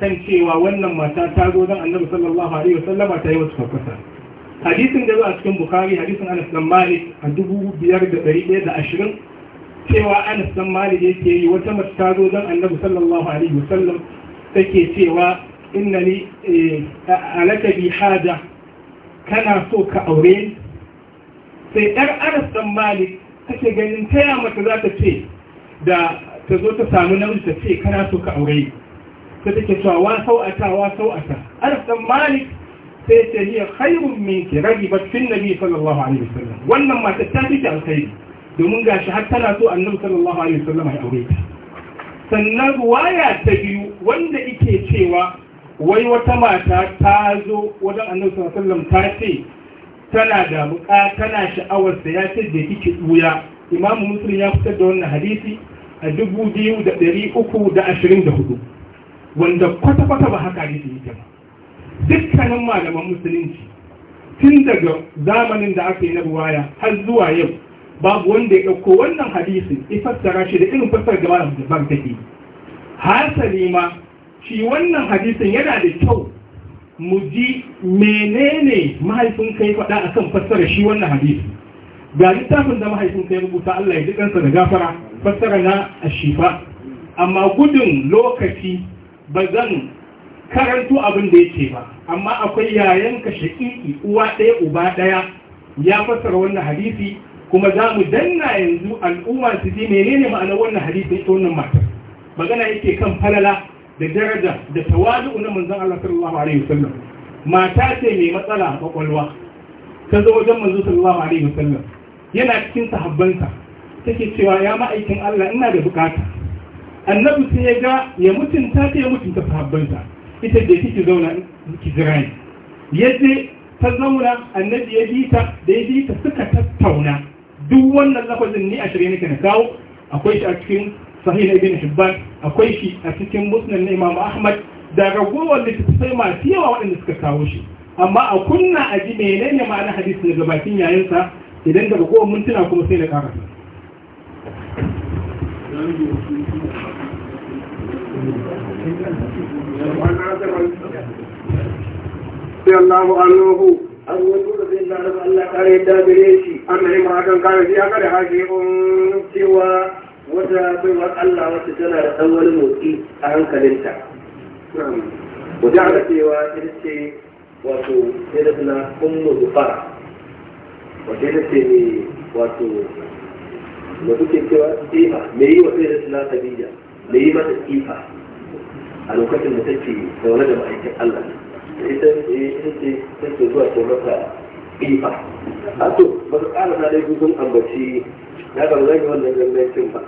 kan cewa wannan mata ta zo don annabi sallallahu alaihi wasallama ta yi wasu farfasa hadisin da zo a cikin bukhari hadisin anas dan malik a dubu biyar da ɗari ɗaya da ashirin cewa anas dan malik yake yi wata mace ta zo don annabi sallallahu alaihi wasallam take cewa innani eh, alaka bi haja kana so ka aure sai yar anas dan malik take ganin taya mata za ta ce da ta zo ta samu namiji ta ce kana so ka aure ta take cewa wa sau'ata wa sau'ata anas dan malik sai ce hiya khairun minki ragi fi nabi sallallahu alaihi wasallam wannan mata ta fi alkhairi domin gashi har tana so annabi sallallahu alaihi wasallam ya aure ta sannan ruwaya ta biyu wanda ike cewa wai wata mata ta zo wajen annabi sallallahu ta ce tana da buƙa tana sha'awar da ya ce da kike tsuya imamu muslim ya fitar da wannan hadisi a dubu biyu da ɗari uku da ashirin da hudu wanda kwata-kwata ba haka ne yake ba dukkanin malaman musulunci tun daga zamanin da aka yi na ruwaya har zuwa yau babu wanda ya ɗauko wannan hadisin ya fassara shi da irin fassara da malam da take hasali ma shi wannan hadisin yana da kyau mu ji menene mahaifin kai faɗa kan fassara shi wannan hadisi ga littafin da mahaifin kai rubuta Allah ya dukansa da gafara fassara na ashifa amma gudun lokaci ba zan karanto abin da yake ba amma akwai yayan ka shaƙiƙi uwa ɗaya uba ɗaya ya fassara wannan hadisi kuma za mu danna yanzu al'umma su ji menene ma'anar wannan hadisi ita wannan matar magana yake kan falala da daraja da tawadu na manzan Allah sallallahu alaihi wasallam mata ce mai matsala a kwakwalwa ta zo wajen manzo sallallahu alaihi wasallam yana cikin sahabbansa take cewa ya ma'aikin Allah ina da bukata annabi sai ya ga ya mutunta ta ya mutunta sahabbanta ita da kike zauna ki jira ni yaje ta zauna annabi ya bita da ya bita suka tattauna duk wannan lafazin ni a shirye nake na kawo akwai shi a cikin sahih ibn hibban akwai shi a cikin musnad na imam ahmad da ragowar littattafai masu yawa waɗanda suka kawo shi amma a kunna a ji menene ma'anar hadisi daga bakin yayinsa idan da ragowar mintuna kuma sai na ƙara an wato da Allah kare shi cewa wata baiwar Allah wata tana da ɗan wani motsi a hankalinta wata da cewa ita ce wato sai da suna ummu zufara wata ita ce ne wato da kuke cewa tsifa me yi wa sai da suna sabija me yi mata tsifa a lokacin da take zaune da ma'aikin Allah ita ce take zuwa ta mata tsifa a to ba su ƙara na dai gudun ambaci ya ga zan yi wannan gangancin ba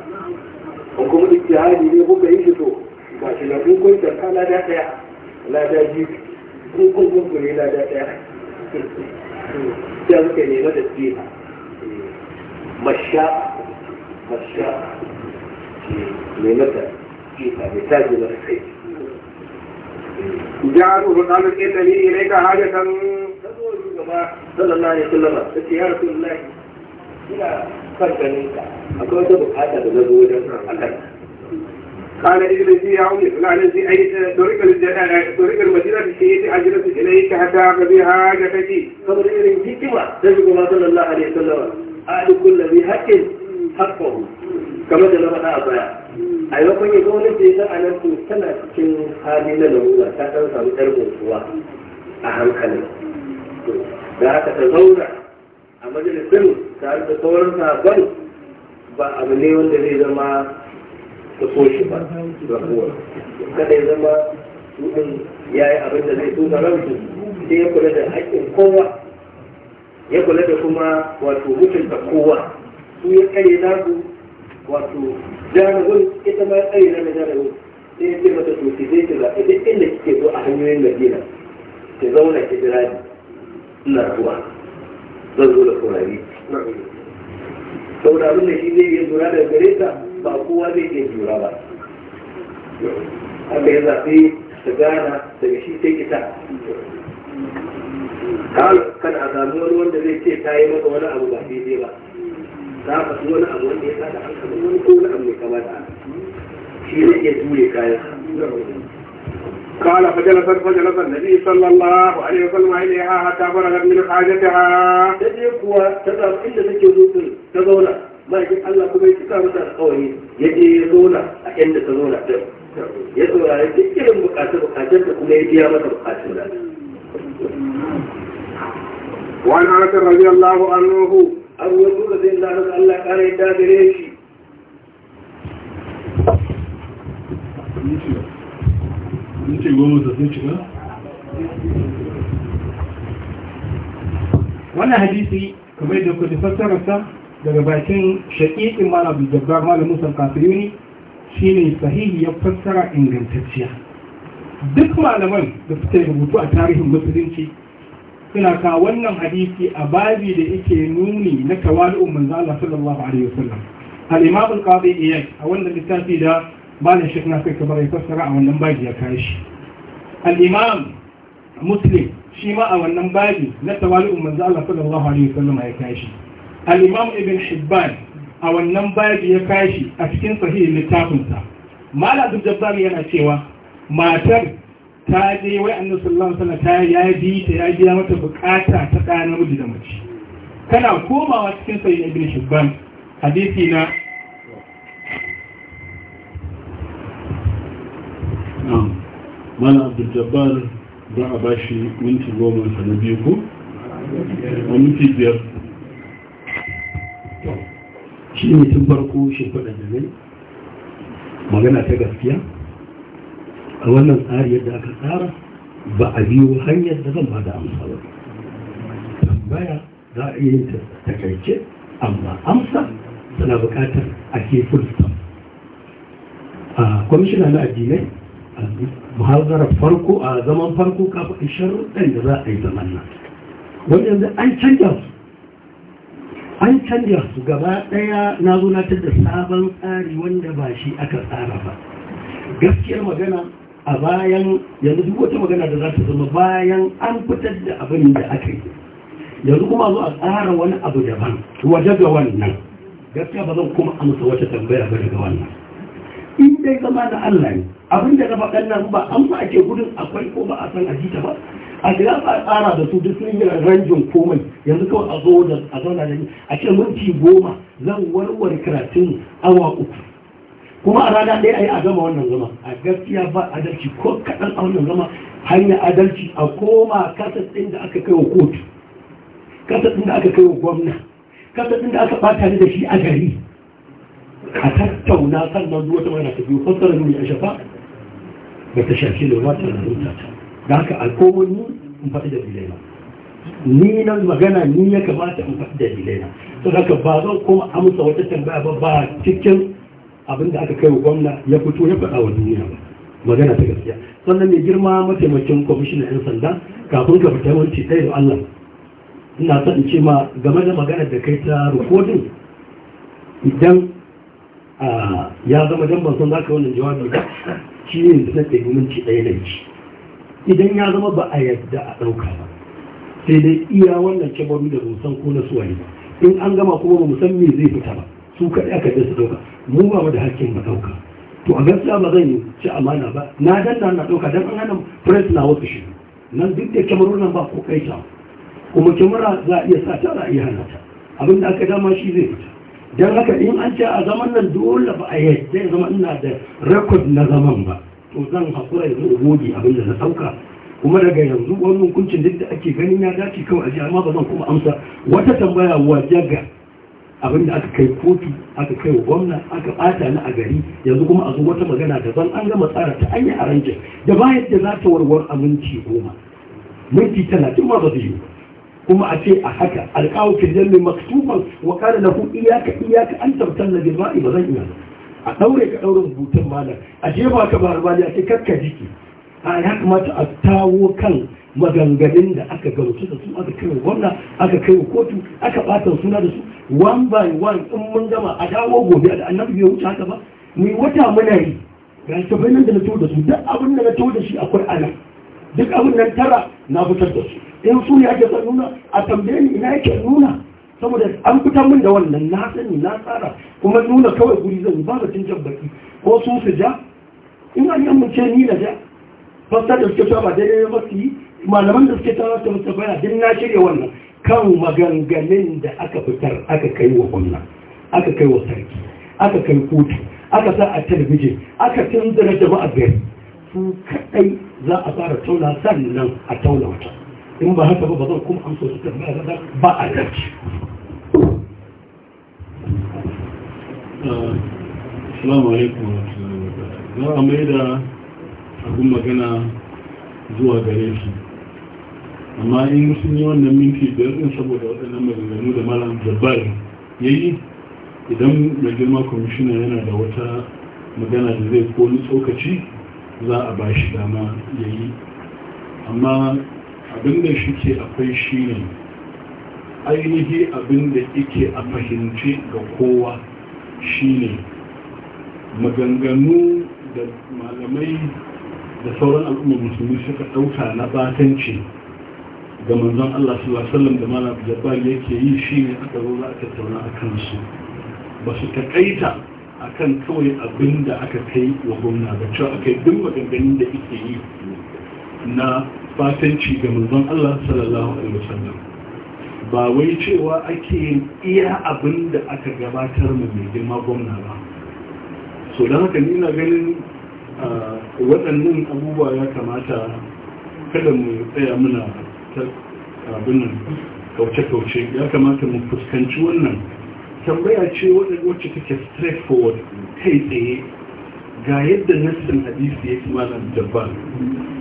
an kuma ijtihadi ne kuka yi shi to ba shi na kun kun tanka lada daya lada biyu kun kun kun kun lada daya sai suka nema da tsira masha masha mai mata tsira mai tashi na sai جعله قال إليك حاجة صلى الله عليه وسلم يا رسول الله ina kan ganin ka akwai wata bukata da na zo wajen Allah قال اجلسي يا امي فاجلسي اي طريق طريق المدينه التي اجلس اليك حتى اقضي حاجتك. فمن يريدكما تجد صلى الله عليه وسلم اهل كل ذي حق حقه كما جلبنا ابايا. a yau kun yi gwamnati ya sa anan to tana cikin hali na larura ta dan samu yar mutuwa a hankali da haka ta a majalisin tare da sauran sabon ba abu ne wanda zai zama da koshi ba da kowa kada ya zama tutun ya yi abin da zai tuka ransu sai ya kula da haƙƙin kowa ya kula da kuma wato mutunta kowa su ya kare nasu wato jami'un ita ma ya kare na jami'un sai ya ce mata to ki zai kira duk inda kike zo a hanyoyin madina ki zauna ki jira ina zuwa zan da saurari saboda abin da shi zai iya jura da gare ta ba kowa zai iya jura ba haka ya zafi ta gana daga shi sai ita kan a sami wani wanda zai ce ta yi maka wani abu ba daidai ba za ka su wani abu wanda ya sa da hankalin wani ko wani abu mai kama da shi ne iya jure kayan قال فجلس فجلس النبي صلى الله عليه وسلم إليها حتى فرغت من حاجتها. تدري قوى تذهب إلا تجوزك تذولا ما يجب ألا كبير تكامل تذولا يجي يذولا أكن تذولا يذولا يجي كلم بقاسة بقاسة بقاسة بقاسة بقاسة وعن عاش رضي الله عنه أبو رسول رضي الله عنه الله قال إتاد ريشي sun goma da sun shiga wannan hadisi kamar da kudu fassararsa daga bakin shaƙiƙin malam jabbar malam musan kafiruni shine sahihi ya fassara ingantacciya duk malaman da suka rubutu a tarihin musulunci suna ka wannan hadisi a babi da yake nuni na tawali'un manzo Allah sallallahu alaihi wasallam al-imam al-qadi a wannan littafi da malin shek na kai kamar ya fassara a wannan babi ya kayi shi al'imam muslim shi ma a wannan babi na tawali'un manzo Allah sallallahu alaihi wasallam ya kayi shi al'imam ibn hibban a wannan babi ya kayi shi a cikin sahihin littafinsa malam abdul jabbar yana cewa matar ta je wai annabi sallallahu alaihi wasallam ta ya bi ta ya biya mata bukata ta ɗa namiji da mace kana komawa cikin sahihin ibn hibban hadisi na mana abdul-jabbar a bashi minti goma sa na biyu ko? a minti biyar shi ne tun farko shekwa da jami'ai magana ta gaskiya a wannan tsari yadda aka tsara ba a biyo hanyar da zan ba da amsa ba tambaya za a yi yin takaice amma amsa tana bukatar ake full stop a kwamishina na addinai muhazarar farko a zaman farko kafin sharuɗan da za a yi zaman nan wajen da an canja su an canja su gaba ɗaya na zo da sabon tsari wanda ba shi aka tsara ba gaskiyar magana a bayan yanzu duk wata magana da za ta zama bayan an fitar da abin da aka yi yanzu kuma zo a tsara wani abu daban waje ga wannan gaskiya ba zan kuma amsa wata tambaya ba daga wannan in dai zama da Allah ne abin da na ɗan nan ba an ba ake gudun akwai ko ba a san a jita ba a gida ba a tsara da su duk sun yi ranjin komai yanzu kawai a zo da a zauna da ni a ce minti goma zan warware karatun awa uku kuma a rana ɗaya a yi a gama wannan zama a gaskiya ba adalci ko kaɗan a wannan zama hanya adalci a koma kasar ɗin da aka kai wa kotu kasar ɗin da aka kai wa gwamna kasar ɗin da aka ɓata ni da shi a gari a tattauna sannan zuwa ta wani ta biyu fassara ne a shafa ba ta shafi wata ta rubuta ta da haka alkomomi in faɗi da bilaina ni nan magana ni ya kamata in faɗi da bilaina to haka ba zan kuma amsa wata tambaya ba ba cikin abin da aka kai wa gwamna ya fito ya faɗa wa duniya ba magana ta gaskiya sannan mai girma mataimakin kwamishinan 'yan sanda kafin ka fita wanci ɗaya da allah ina son in ce ma game da maganar da kai ta rikodin idan ah, ya zama jan ban san za ka wannan jawabi shi ne na ɗaya minti ɗaya da shi idan ya zama ba a yadda a ɗauka ba sai dai iya wannan kyabaru da musan ko na suwaye ba in an gama kuma ba musan me zai fita ba su kaɗai aka da su ɗauka mu ba mu da hakkin ba ɗauka to a gaskiya ba zan yi ci amana ba na danna na ɗauka dan an hana press na wasu shi nan duk da kyamarun nan ba ko kai ta kuma kyamara za a iya sa ta za a iya hana ta abin da aka dama shi zai fita don haka in an ce a zaman nan dole ba a yadda ya zama ina da rekod na zaman ba to zan haƙura yanzu goge abin da na sauka kuma daga yanzu wani hukuncin duk da ake ganin ya dace kawai a ji amma ba zan kuma amsa wata tambaya wa jaga abin da aka kai kotu aka kai wa gwamna aka ɓata ni a gari yanzu kuma a zo wata magana da zan an gama tsara ta an yi da ba yadda za ta warwar aminci goma minti talatin ma ba zai yi ba kuma a ce a haka alƙawo fi jalli maktuban wa kana lahu iyaka iyaka an tabtalla bil ma'i ba zan iya a daure ka daure rubutun malam a je ba ka bar bali a ce karka jiki a ya kamata a tawo kan maganganun da aka gamsu da su aka kai gwamna aka kai kotu aka bata suna da su one by one in mun gama a dawo gobe da annabi bai wuce haka ba mu wata muna yi ga nan da na to da su duk abin da na to da shi akwai ana duk abin nan tara na fitar da su in su ne ake san nuna a tambaye ni ina yake nuna saboda an fitar min da wannan na sani na tsara kuma nuna kawai guri zan ba da cin jabbaki ko su su ja in an yammace ni na ja fasta da suke ba daidai ba su yi malaman da suke tara ta mutabaya din na shirya wannan kan maganganun da aka fitar aka kai wa gwamna aka kai wa sarki aka kai kotu aka sa a talabijin aka tunzura jama'a gari su kaɗai za a fara tauna sannan a tauna wata in ba haka ba ba zan kuma amsa su tambaya ba ba a dace assalamu alaikum za a mai da abin magana zuwa gare shi amma in sun yi wannan minti da din saboda waɗannan maganganu da malam jabari ya yi idan mai girma kwamishina yana da wata magana da zai ko ni tsokaci za a ba shi dama ya yi amma abinda shi ke akwai shi ne ainihi abinda ike a fahimci ga kowa shi ne maganganu da malamai da sauran al'ummar musulmi suka ɗauka na batanci ga manzon Allah sallallahu da malam jabbar yake yi shi ne aka zo za a tattauna a kansu ba su taƙaita a kan kawai abin da aka kai wa gwamna da cewa aka yi duk maganganun da ake yi na fatanci ga manzon Allah sallallahu alaihi wasallam ba wai cewa ake iya abin da aka gabatar mu mai girma gwamna ba so don haka ina ganin waɗannan abubuwa ya kamata kada mu tsaya muna ta abin kauce-kauce ya kamata mu fuskanci wannan tambaya ce wacce take straightforward kai tsaye ga yadda nassin hadisi ya fi mana jabba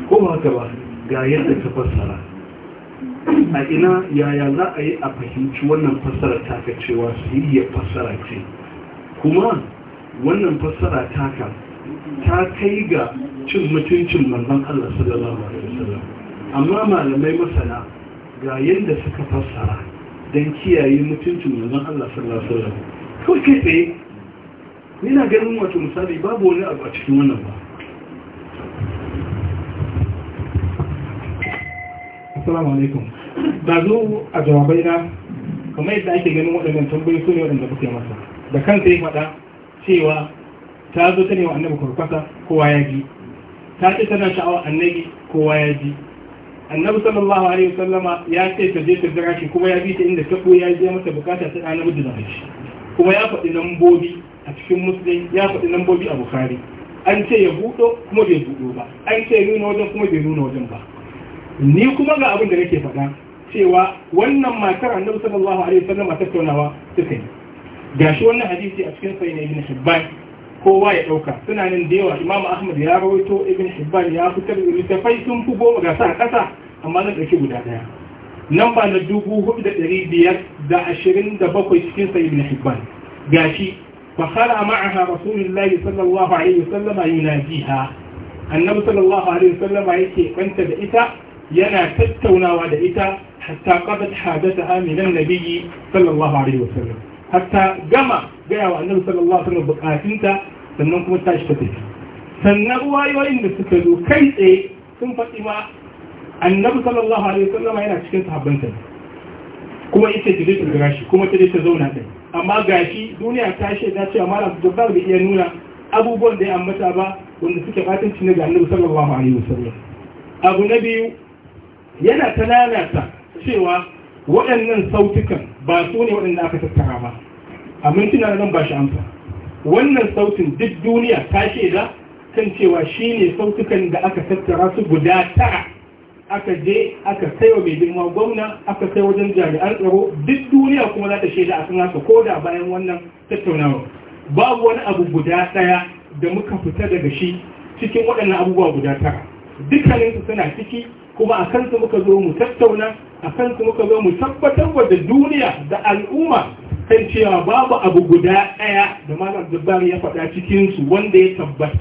ko ba haka ba ga yadda ta fassara a ina yaya za a yi a fahimci wannan fassara taka cewa su yi iya fassara ce kuma wannan fassara taka ta kai ga cin mutuncin manzon Allah sallallahu alaihi wasallam amma malamai masana ga yadda suka fassara don kiyaye mutuncin manzon Allah sallallahu alaihi wasallam kawai kai tsaye ni ganin wato misali babu wani abu a cikin wannan ba assalamu alaikum da zo a jawabai na kamar yadda ake ganin waɗannan tambayi su ne waɗanda kuke masa da kan sai faɗa cewa ta zo ta ne wa annabi kwarkwasa kowa ya ji ta ce tana sha'awar annabi kowa ya ji annabi sallallahu alaihi wasallama ya ce ta je ta jira shi kuma ya bi ta inda ta ya je mata bukata ta ɗana miji da shi kuma ya faɗi lambobi a cikin musulun ya faɗi lambobi a bukari an ce ya buɗo kuma bai buɗo ba an ce ya nuna wajen kuma bai nuna wajen ba ni kuma ga abin da nake faɗa cewa wannan matar annabi sallallahu alaihi wasallama tattaunawa suka yi gashi wannan hadisi a cikin sahihin ibn hibban kowa ya ɗauka suna nan da yawa imam ahmad ya rawaito ibn hibban ya fitar da littafai sun fi goma gasa sa ƙasa amma na ɗauki guda ɗaya nan ba na dubu hudu da ɗari biyar da ashirin da bakwai cikin sa ibn hibban gashi fa khala ma'aha rasulullahi sallallahu alaihi wasallam yunajiha annabi sallallahu alaihi sallam yake kwanta da ita yana tattaunawa da ita hatta qadat hadatha min an-nabiyyi sallallahu alaihi sallam. hatta gama gaya wa annabi sallallahu alaihi wasallam bukatunta sannan kuma tashi ta tafi sannan ruwayoyin da suka zo kai tsaye sun faɗi ma annabi sallallahu alaihi wasallam yana cikin sahabbansa kuma ita ta je ta gashi kuma ta je ta zauna kai amma gashi duniya ta ce cewa malam jabbar da iya nuna abubuwan da ya ambata ba wanda suke fatan ne ga annabi sallallahu alaihi wasallam abu na biyu yana ta lalata cewa waɗannan sautukan ba su ne waɗanda aka tattara ba a mintuna nan ba shi amsa wannan sautin duk duniya ta shaida kan cewa shi ne sautukan da aka tattara su guda tara aka je aka saiwa mai girma gwamna aka sai wajen jami'an tsaro duk duniya kuma za ta shaida a nasa ko da bayan wannan tattaunawa babu wani abu guda ɗaya da muka fita daga shi cikin waɗannan abubuwa guda tara dukkaninsu suna ciki kuma a kansu muka zo mu tattauna a kansu muka zo mu tabbatar da duniya da al'umma sai cewa babu abu guda ɗaya da malam dubbar ya faɗa cikinsu wanda ya tabbata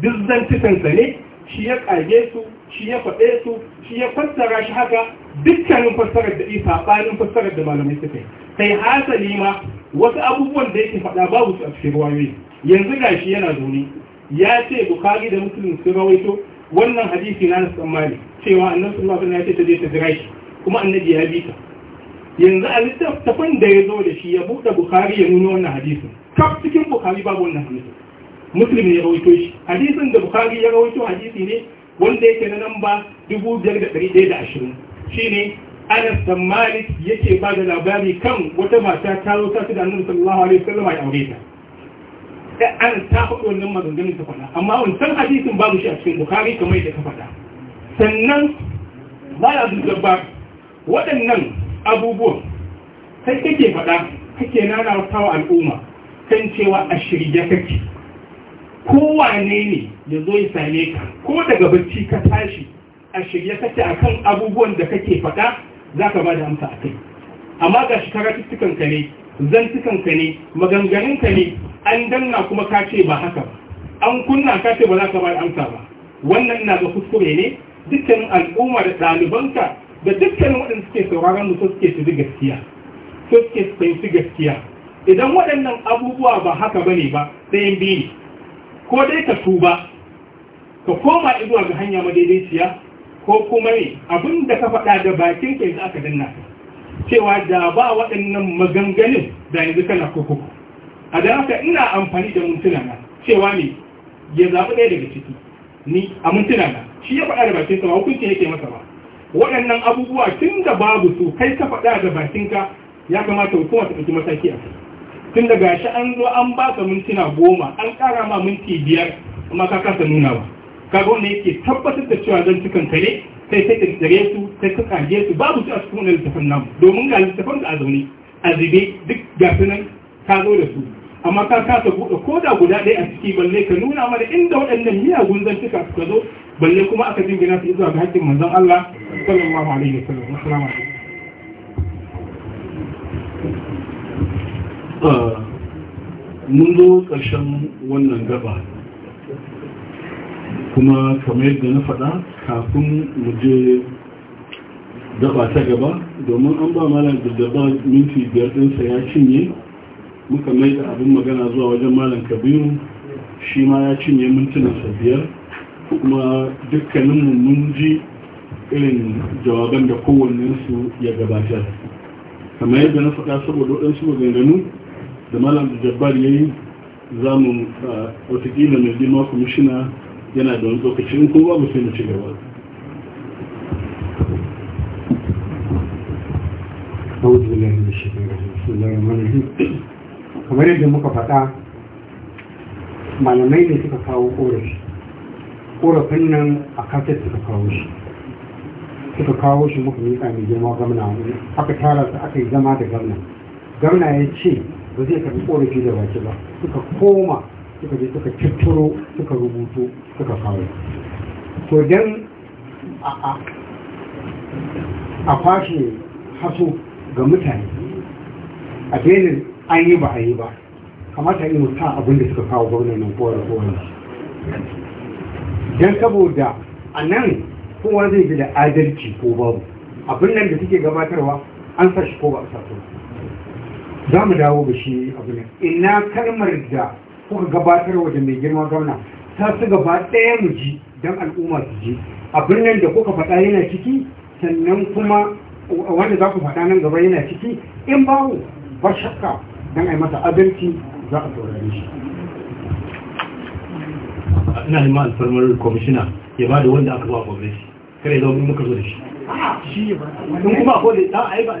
duk zan zantukansa ne shi ya ƙage su shi ya faɗe su shi ya fassara shi haka dukkanin fassarar da isa ɓanin fassarar da malamai suka yi sai hasali ma wasu abubuwan da yake faɗa babu su a cikin ruwayoyi yanzu ga shi yana zaune ya ce bukari da musulun sun rawaito wannan hadisi na na tsammani cewa annabi sallallahu alaihi wasallam ya ce ta je ta jira shi kuma annabi ya bi ta yanzu a littattafan da ya zo da shi ya buɗe bukari ya nuna wannan hadisun kaf cikin bukari babu wannan hadisun muslim ya rawaito shi hadisun da bukari ya rawaito hadisi ne wanda yake na namba 5,120 shi ne anas da malik yake ba da labari kan wata mata ta zo ta da annabi sallallahu alaihi wasallam ya aure ta da an ta faɗo wannan maganganun ta faɗa amma wancan hadisin babu shi a cikin bukari kamar yadda ka faɗa sannan ba ya zuba waɗannan abubuwan kai kake faɗa kake nanarta wa al'umma kan cewa a shirya kake kowane ne ya zo ya same ka ko daga bacci ka tashi a shirya kake akan abubuwan da kake faɗa za ka ba da amsa a kai amma ga shi karatuttukan ka ne zantukan ka ne maganganun ka ne an danna kuma ka ce ba haka ba an kunna ka ce ba za ka ba da amsa ba wannan na ga kuskure ne dukkanin al'umma da ɗalibanka da dukkanin waɗanda suke sauraron mu so suke su gaskiya su suke su gaskiya idan waɗannan abubuwa ba haka ba ne ba sai biyu ko dai ka tuba ka koma zuwa ga hanya madaidaiciya ko kuma ne abin da ka faɗa da bakin ka yanzu aka danna cewa da ba waɗannan maganganun da yanzu kana ko-ko-ko, a da haka ina amfani da mintuna na cewa ne ya zaɓi ɗaya daga ciki ni a mintuna na shi ya faɗa da bakin ka ba hukunci yake masa ba waɗannan abubuwa tun da babu su kai ka faɗa da bakinka ya kamata kuma ta ɗauki mataki a tun da gashi an zo an ba ka mintuna goma an ƙara ma minti biyar amma ka kasa nuna ba kaga wanda yake tabbatar da cewa zan cikin kare sai ta kirkire su sai ta kage su babu su a cikin wani littafin namu domin ga littafin da a zaune a zube duk gasu nan ka zo da su amma ka kasa buɗe ko da guda ɗaya a ciki balle ka nuna mana inda waɗannan miyagun cika suka zo balle kuma aka jingina su zuwa ga haƙƙin manzon Allah sallallahu alaihi wasallam assalamu alaikum ah, mun zo ƙarshen wannan gaba kuma kamar yadda na faɗa kafin mu je gaba ta gaba domin an ba malam daddaba minti biyar ɗinsa ya cinye muka mai da abin magana zuwa wajen malam kabiru shi ma ya cinye mintunansa biyar kuma dukkaninmu mun ji irin jawaban da kowannensu ya gabatar kamar yadda na faɗa saboda waɗansu maganganu da malam da jabbar ya yi za mu watakila mai girma kwamishina yana da wani tsokaci in kuma babu sai mu ci gaba kamar yadda muka faɗa malamai ne suka kawo ƙorafi ƙorafin nan a kafet suka kawo shi suka kawo shi muka nika mai girma gamna aka tara su aka yi zama da gamna gamna ya ce ba zai karɓi ƙorafi da baki ba suka koma suka je suka tattaro suka rubutu suka kawo to don a fashe haso ga mutane a daina an yi ba a yi ba kamata yi mutum abin da suka kawo gwamnan nan kowane don saboda a nan kowa zai ji da adalci ko babu abin nan da suke gabatarwa an sa shi ko ba a sa za mu dawo ga shi abu nan ina kalmar da kuka gabatar wajen mai girma gwamna ta su gaba ɗaya mu ji don al'umma su ji abin nan da kuka faɗa yana ciki sannan kuma wanda za ku faɗa nan gaba yana ciki in babu ba shakka don a yi masa adalci za a saurare shi ina neman alfarmar kwamishina ya ba da wanda aka ba gwamnati kare zaune muka zo da shi kuma ko da ta aiba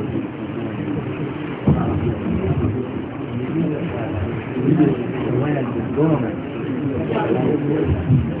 Thank you.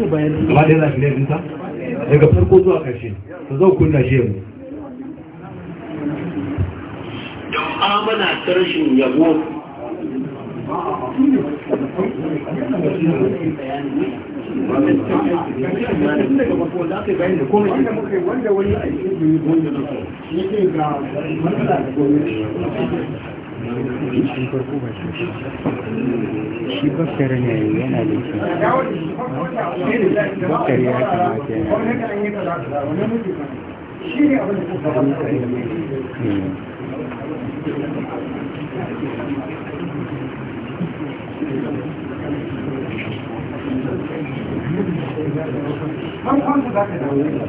ne bayan za shi ne ta daga farko zuwa Karshe ta zau kunna shi yau da amana ta rashin yabo wanda wani aiki ne wanda ga Shiva Karanaya Analogy. What career हम कौन सा बात कर रहे हैं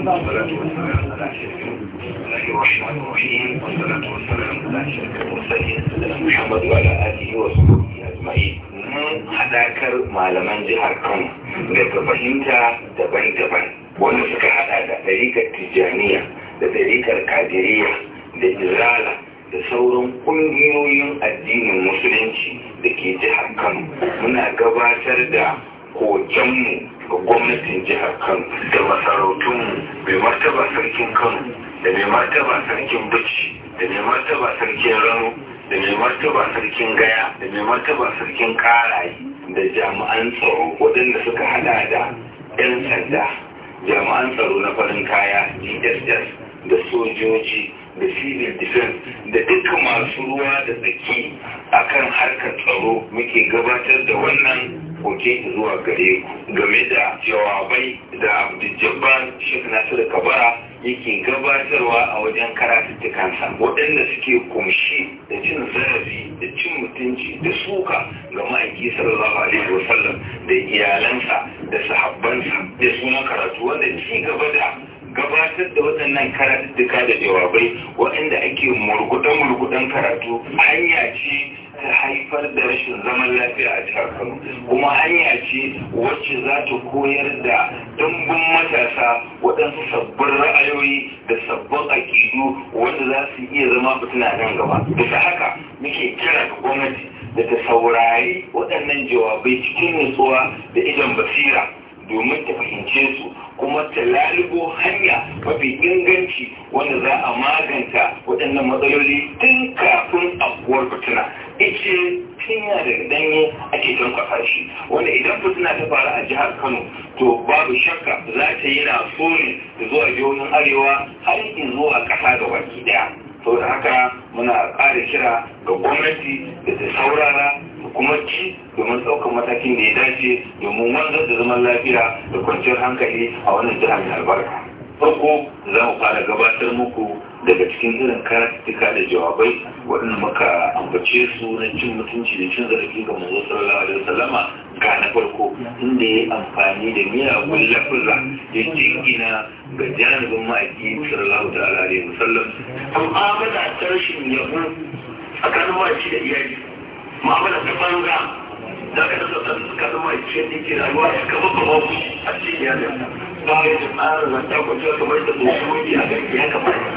والصلاة والسلام على الرحمن الرحيم والصلاة والسلام على أشرف المرسلين محمد وعلى آله وصحبه أجمعين haɗakar malaman jihar Kano daga fahimta daban-daban wanda suka haɗa da ɗarikar Tijjaniya da ɗarikar Kadiriya da Izala da sauran ƙungiyoyin addinin musulunci da ke jihar Kano muna gabatar da kokenmu gwamnatin jihar kano da masarautunmu mai martaba sarkin kano da mai martaba sarkin bacci da mai martaba sarkin rano da mai martaba sarkin gaya da mai martaba sarkin karaye da jami'an tsaro waɗanda suka hada da 'yan sanda jami'an tsaro na farin kaya dss da sojoji da civil defense da duka masu ruwa da tsaki akan harkar tsaro muke gabatar da wannan koke zuwa gare ku game da jawabai da abdujabban shek nasiru kabara yake gabatarwa a wajen karatuttukansa waɗanda suke kumshi da cin zarafi da cin mutunci da suka ga ma'aiki sallallahu alaihi wasallam da iyalansa da sahabbansa da sunan karatu wanda ci gaba da gabatar da waɗannan karatuttuka da jawabai waɗanda ake murguɗe-murguɗen karatu hanya ce ta haifar da rashin zaman lafiya a jihar Kano kuma hanya ce wacce za ta koyar da dambun matasa waɗansu sabbin ra'ayoyi da sabbin aƙidu wanda za su iya zama fitina nan gaba bisa haka muke kira ga gwamnati da ta saurari waɗannan jawabai cikin nutsuwa da idon basira domin ta fahimce su kuma ta lalubo hanya mafi inganci wanda za a maganta waɗannan matsaloli tun kafin abuwar fitina ice tinya daga danye ake tankwasa shi wanda idan fitina ta faru a jihar kano to babu shakka za ta yi na so ne zuwa jihohin arewa har in zuwa ƙasa ga baki daya sau da haka muna ƙara kira ga gwamnati da ta saurara da kuma ci domin ɗaukar matakin da ya dace domin wanzar da zaman lafiya da kwanciyar hankali a wannan jihar albarka farko za mu fara gabatar muku daga cikin irin karatuttuka da jawabai waɗanda muka ambace su na cin mutunci da cin zarafi ga manzo sallallahu alaihi wasallama ga na farko inda ya amfani da miyagun lafuzza ya jingina ga janibin ma'aiki sallallahu ta'ala alaihi wasallam mu'amala ta rashin yabo kan ma'aiki da iyali mu'amala ta banga da ka rasa tsakanin ma'aiki da ke ruwa ya kama kama a cikin iyalin ba yi da tsarin na ta kwanciya kamar da musulmi a garki ya kamata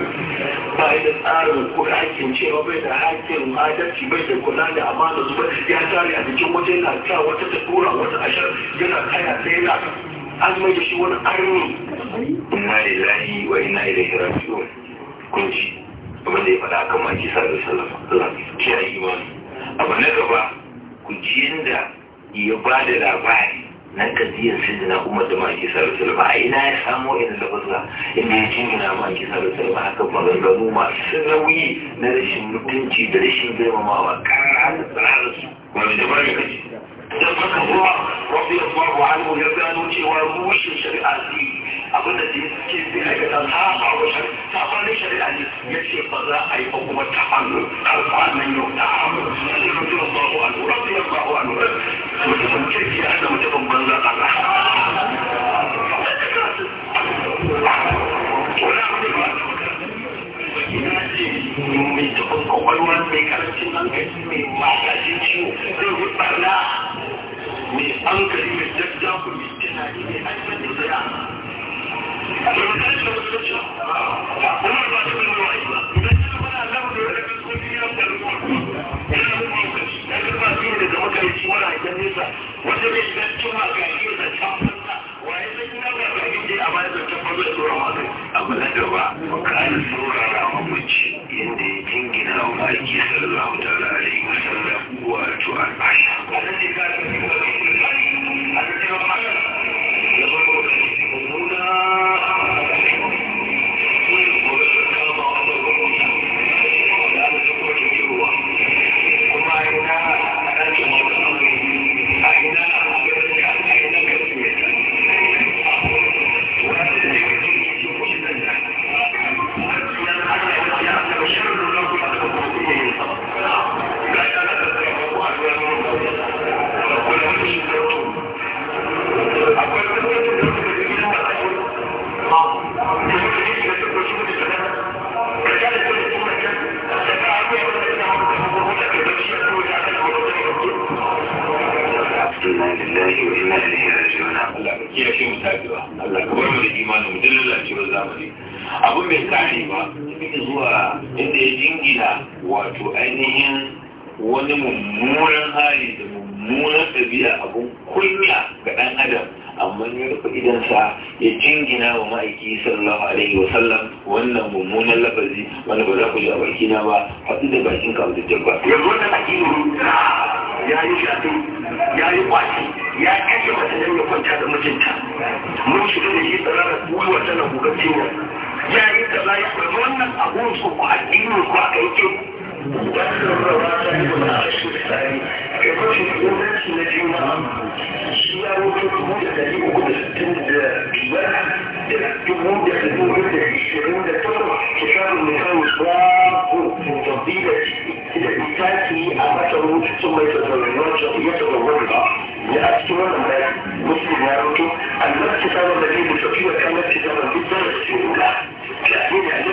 ba yi da tsarin ko hakkin cewa bai da hakkin adalci bai da kula da amana zuba ya tare a jikin waje na ta wata ta tura wata ashar yana kaya ta yana an da shi wani arni inna lillahi wa inna ilaihi raji'un kun ji abin da ya faɗa akan maki sa alaihi wasallam kiyaye imani abu na gaba ku ji yanda ya ba da labari nan kasiyar sai na umar da ma'aiki sarrafa ba a ina ya samo irin da fasa inda ya jingina ma'aiki sarrafa ba haka maganganu masu nauyi na rashin mutunci da rashin girmamawa karar da tsarar su wani da bari kaji don haka kuma wasu ya faru hannu ya gano cewa rushe shari'a ne abinda da ke zai aikata saba wa sabanin shari'a ne ya ce ba za a yi ba kuma ta hannu karfa nan yau ta hannu sai ya rufe ba wa hannu rasu ya ba wa hannu untuk mencegah dan untuk membanggakan lah. Untuk pengkoluan mereka Semangat Maka cincu Terut pada Ni angka di berjaga pun Di tena ini Aisyah di terang Terutama Terutama Terutama Terutama Terutama da shi wani haifar wanda bai da waye kuma ga a baya tsoron hakan abu na gaba kayan saurara mamaci yadda ya jingina wa maki sallallahu ta'ala alaihi wasallam wato al'asha wannan ne ka ga wato ainihin wani mummunan hali da mummunan ɗabi'a abun kunya ga ɗan adam amma ya rufe idansa ya jingina wa ma'aiki sallallahu alaihi wa sallam wannan mummunan lafazi wanda ba za ku ji a baki na ba faɗi da bakin ka da jabba yanzu wannan akidu ya yi shafi ya yi kwaci ya kashe mata don ya kwanta da mijinta mun shiga da shi tsararar gwiwa tana gugar cewa. ya yi da layi wannan abun su ku addinin ku aka yake المسجد هذا الذي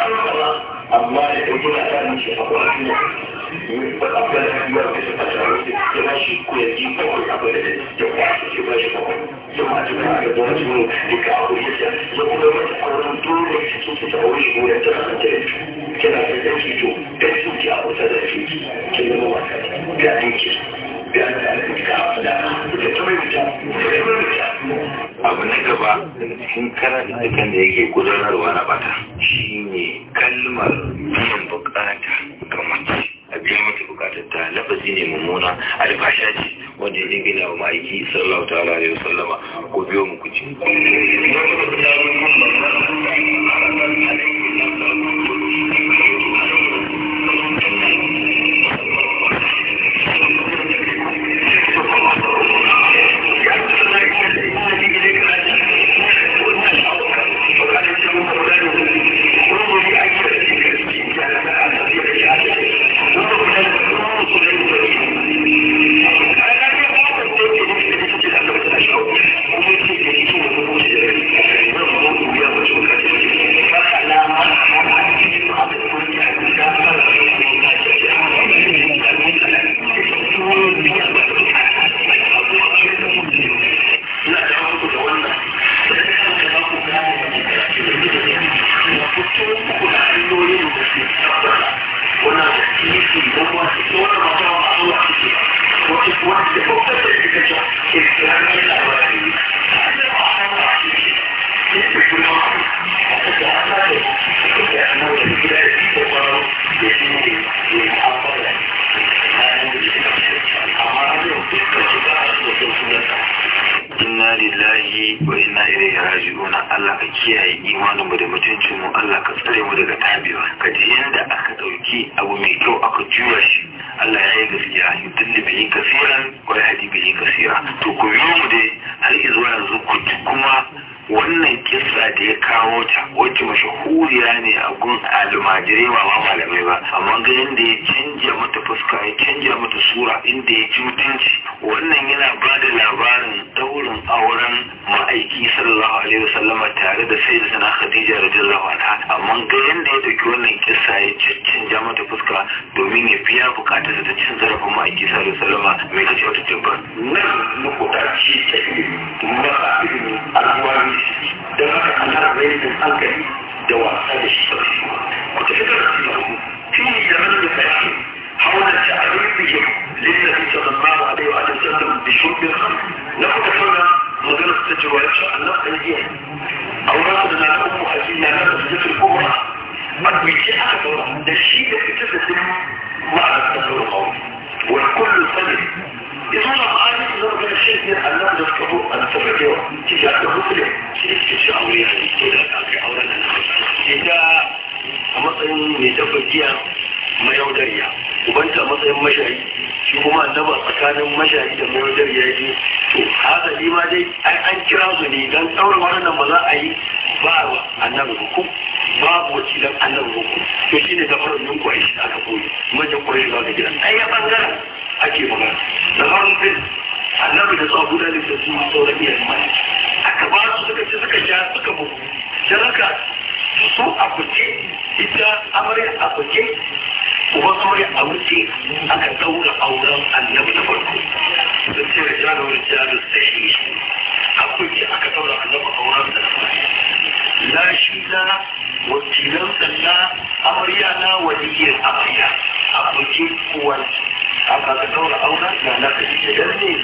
amma da ɗauki na ta mishi a kwanan ba a kan yiwuwa da su tsaro sai ya ba shi kuyaji kawai a bada ya kwashe ya ba shi kawai ya ma ji mana da zuwa da ka abu ya ya kuma mata auren dole sun fita aure shi goyon tana kan tare kina da ɗauki to ɗan su ki a kusa da shi kin zama wasa ga ɗinki ga ka da da ta mai fita da ta mai fita abu na gaba cikin karar da kan da yake gudanarwa na bata shi kalmar biyan bukata ga mace a biya mata bukatar ta lafazi ne mummuna alfasha ce wanda ya gina wa ma'aiki sallallahu ta'ala alaihi wasallama ko biyo mu kuce kawai a wuce aka daura auren annabi na farko da ce da jana wani jana da shi a kuke aka daura annabi auren da la shi na wakilan sanna amarya na waliyyar amarya a kuke kuwa aka daura auren da na kaji da ne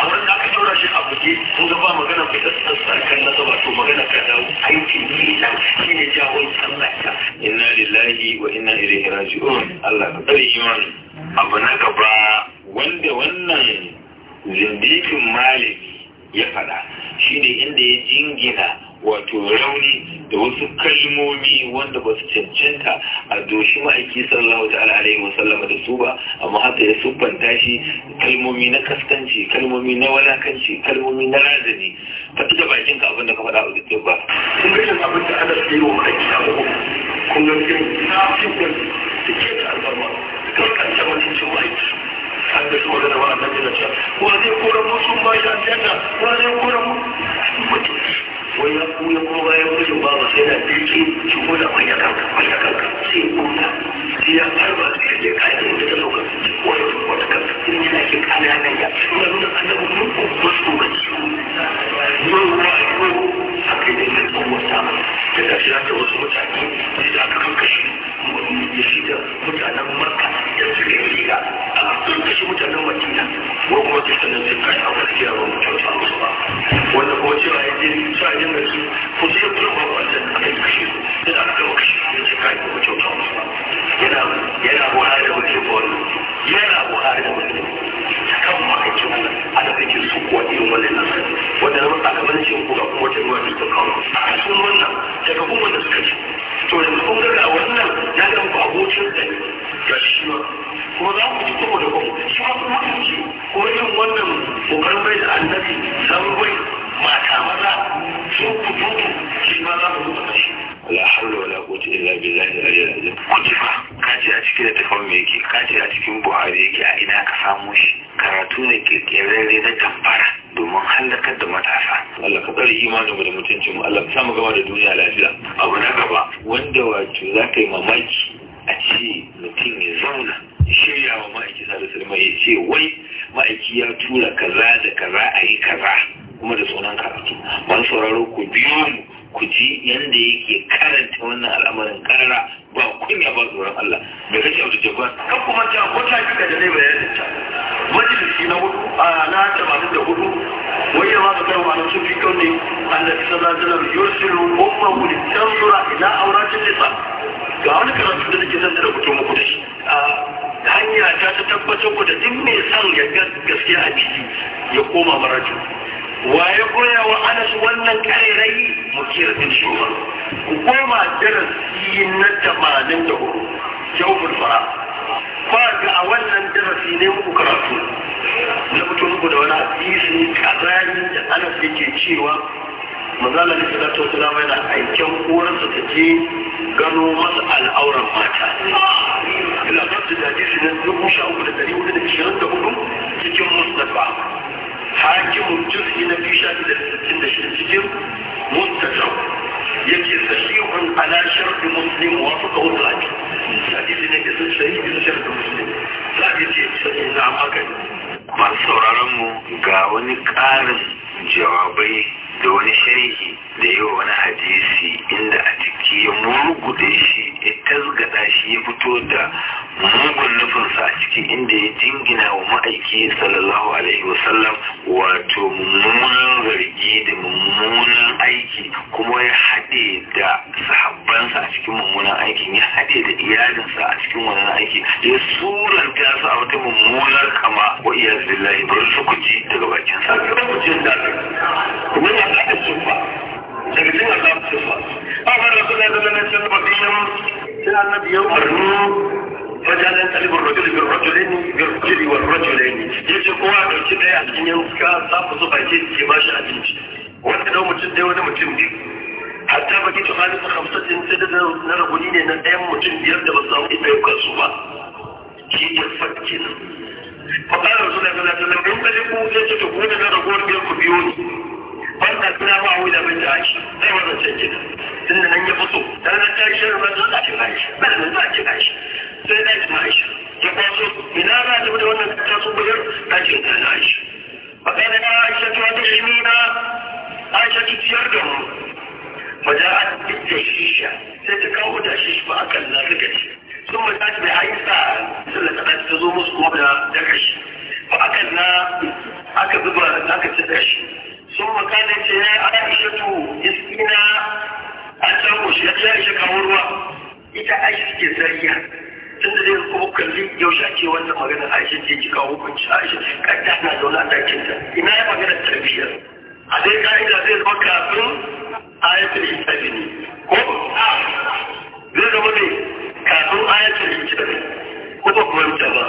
a wurin da aka tura shi a buge sun ga ba magana bai tsatsan sarkar nasaba to magana ka dawo aikin nila shi ne jawon sallah ta inna lillahi wa inna ilaihi raji'un Allah ka tsare imani abu na gaba wanda wannan zindikin malami ya faɗa shine inda ya jingina wato rauni da wasu kalmomi wanda ba su cancanta a doshi ma'aiki sallallahu ta'ala alaihi wasallama da su ba amma haka ya siffanta shi kalmomi na kaskanci kalmomi na walakanci kalmomi na razani ka fita bakin ka abin da ka faɗa a zikin ba kun ga shin abin da ana yi wa ma'aiki a kun ga shin ta fi kun ta ke da alfarma ta kan ta mutuncin ma'aiki an da su da wa'an nan da ko zai kora mu ba shi aljanna ko zai kora mu mutum ya kuya kuma bayan mijin babu sai na dirki shi ko da kwanya kanka kwanya kanka sai kuna sai ya farba sai ya kayan da ta sauka wani wata kanka sai yana ke kananan ya suna nuna annabi mun kuma su ba ciwo yau wa'ayi a kai da yin da da shi da wasu mutane da aka kankashe da shi da mutanen marka da su yi riga a mutanen madina kuma ta sanar da a ba musu ba wanda kuma cewa ya je sa ko sai ya kuma ba wajen a kai kashe su da aka gama kashe ya ce kai ba musu ba yana yana da mutum ba yana buhari da mutum kan makaicin allah ana kake su kuwa irin wannan nasari wanda zama sakamakon shi ga kuma wata ruwa da ta kawo a kasan wannan daga kuma suka ci to yanzu kun ga wannan ya ga ku abokin da ga shi kuma za ku ji kuma da kuma shi ma kuma ku ji kuma irin wannan kokarin bai da annabi san bai mata maza sun ku tutu shi ma za ku zuba shi la hawla wala quwwata illa billahi al-aliyyil azim kuji fa kaji a cikin da littafin me yake kaji a cikin buhari yake a ina ka samu shi karatu ne kirkirarre na tambara domin hallakar da matasa Allah ka bari imanin mu da mutuncin mu Allah ka samu gaba da duniya lafiya abu na gaba wanda wato za ka yi mamaki a ce mutum ya zauna ya shirya wa ma'aiki sa da sulma ya ce wai ma'aiki ya tura kaza da kaza a yi kaza kuma da sunan karatu ban sauraro ku biyo mu ku ji yadda yake karanta wannan al'amarin karara ba kunya ba tsoron Allah da kashe wata jabbar Ka kuma ta ko ta kika da zai bayanin ta majalisi na hudu a na tamanin da hudu wai ma ga kai malam sun fi kaune Allah ta sallallahu alaihi wasallam yursilu ummahu litanzura ila cin nisa ga wani karatu da nake son da rubuto muku da shi hanya ta ta tabbatar ku da duk mai son ya gaskiya a ciki ya koma maraju waye koya wa anas wannan karerai mukiyar bin shuwa ku koma darasi na tamanin da hudu jawabul fara ba ga a wannan darasi ne muku karatu na mutum muku da wani hadisi kazani da anas yake cewa manzala da salatu wasu mai yana aikin koran ta je gano masa al'auran mata ila da hadisi ne duk sha uku da dari hudu da ishirin da hudu cikin ba. hakimun juz'i na biyu shafi da sittin da shi cikin mustajab yake sahihun ala sharɗi muslim wa fuka wuzaki hadisi ne ke sun sahihin sharɗi muslim sabi ce sahi na magani masu sauraron mu ga wani ƙarin jawabai da wani sharhi da yi wa wani hadisi inda a ciki ya murgude shi ya tasgada shi ya fito da mugun nufinsa a cikin inda ya jingina wa ma'aiki sallallahu alaihi wasallam wato mummunan zargi da mummunan aiki kuma ya haɗe da sahabbansa a cikin mummunan aikin ya haɗe da iyalinsa a cikin wannan aiki ya suranta su a wata mummunar kama wa iyalin billahi bari su kuji daga bakin sa kuma ya haɗa sufa daga cikin Allah sufa ba ba da suna da lanar shan bakiyan sai annabi ya wajen talibin rajuli bin rajulini bin rajuli wa rajulini ya ce kowa ɗauki ɗaya a cikin yanka za ku zuba ke ke ba shi abinci wanda ɗau mutum dai wani mutum biyu hatta ba ki tuhani ta hamsatin sai da na rabuni ne na ɗayan mutum biyar da ba su samu ita yau su ba shi ya fatke nan faɗa da rasu da kaza ta zama in ku ya ce ta gode na ragowar biyar ku biyo ni ban suna ba a wuyi da bai da aiki Sai wannan can gida tun da nan ya fito dan na tashi shirin ba za a ce ba shi ba da za ta ce ba shi sai na ita aisha ya kwaso ina za ta da wannan ta su bayar ta ce ta na aisha a kai na aisha ta ta shi na aisha ta ciyar da mu maja'at da shisha sai ta kawo da shisha ba akan na suka ce sun ma ta bai haisa sallar ta ta zo musu kuma da daga shi ba akan na aka zuba aka ci daga shi sun ma ka da ce ya aisha tu iskina an canko shi ya aisha kawo ruwa ita aisha ke zariya Tunda da zai kuma kalli yaushe ake wannan magana aisha ce ki kawo hukunci aisha kanta na zaune a dakin ta ina ya magana tarbiyya a dai ka'ida zai zama kafin ayatul hijabi ne ko zai zama ne kafin ayatul hijabi ko ba kuma ta ba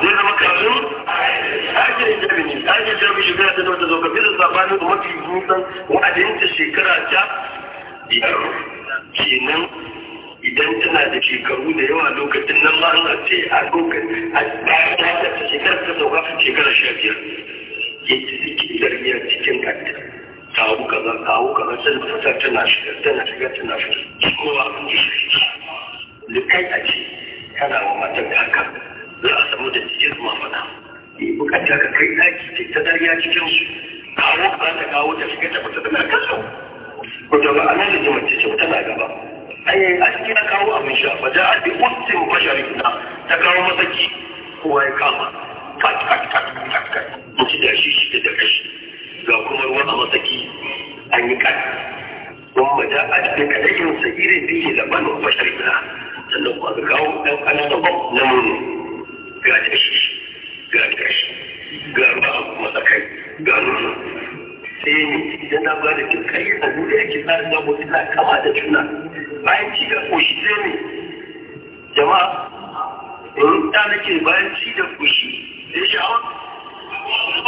zai zama kafin ayatul hijabi ne ayatul hijabi shi ta zama ta zo kafin da sabanin mafi nisan wa'adinta shekara ta biyar kenan idan tana da shekaru da yawa lokacin nan ma ana ce a lokacin a bayan ta tafi shekarar ta sauka shekara sha biyar ya ci cikin tarbiyyar cikin kanta kawo kaza kawo kaza sai da fita tana shiga tana shiga tana shiga kowa likai a ce tana wa matar da haka za a samu da cikin zuwa fada ya bukata ka kai ɗaki ce ta dariya cikin su kawo kaza ta kawo ta shiga ta fita tana kasau. Kuta ba a nan da jimace ce tana gaba. ai a cikin na kawo abin sha ba ja'a bi ustin basharin na ta kawo masaki kowa ya kama kat kat kat kat kat mutu da shi shi da kashi ga kuma ruwan a masaki an yi kat wanda da a cikin kadayin sa irin bihi da wa basharin na sannan kuma ga kawo ɗan ƙananan bam na nono ga da shi ga da shi ga ruwa a masakai ga nono sai ne idan na ba da dukkan yin abu da yake tsarin abu suna kama da juna bayan ci da kushi zai ne jama'a in ta nake bayan ci da kushi zai sha'awa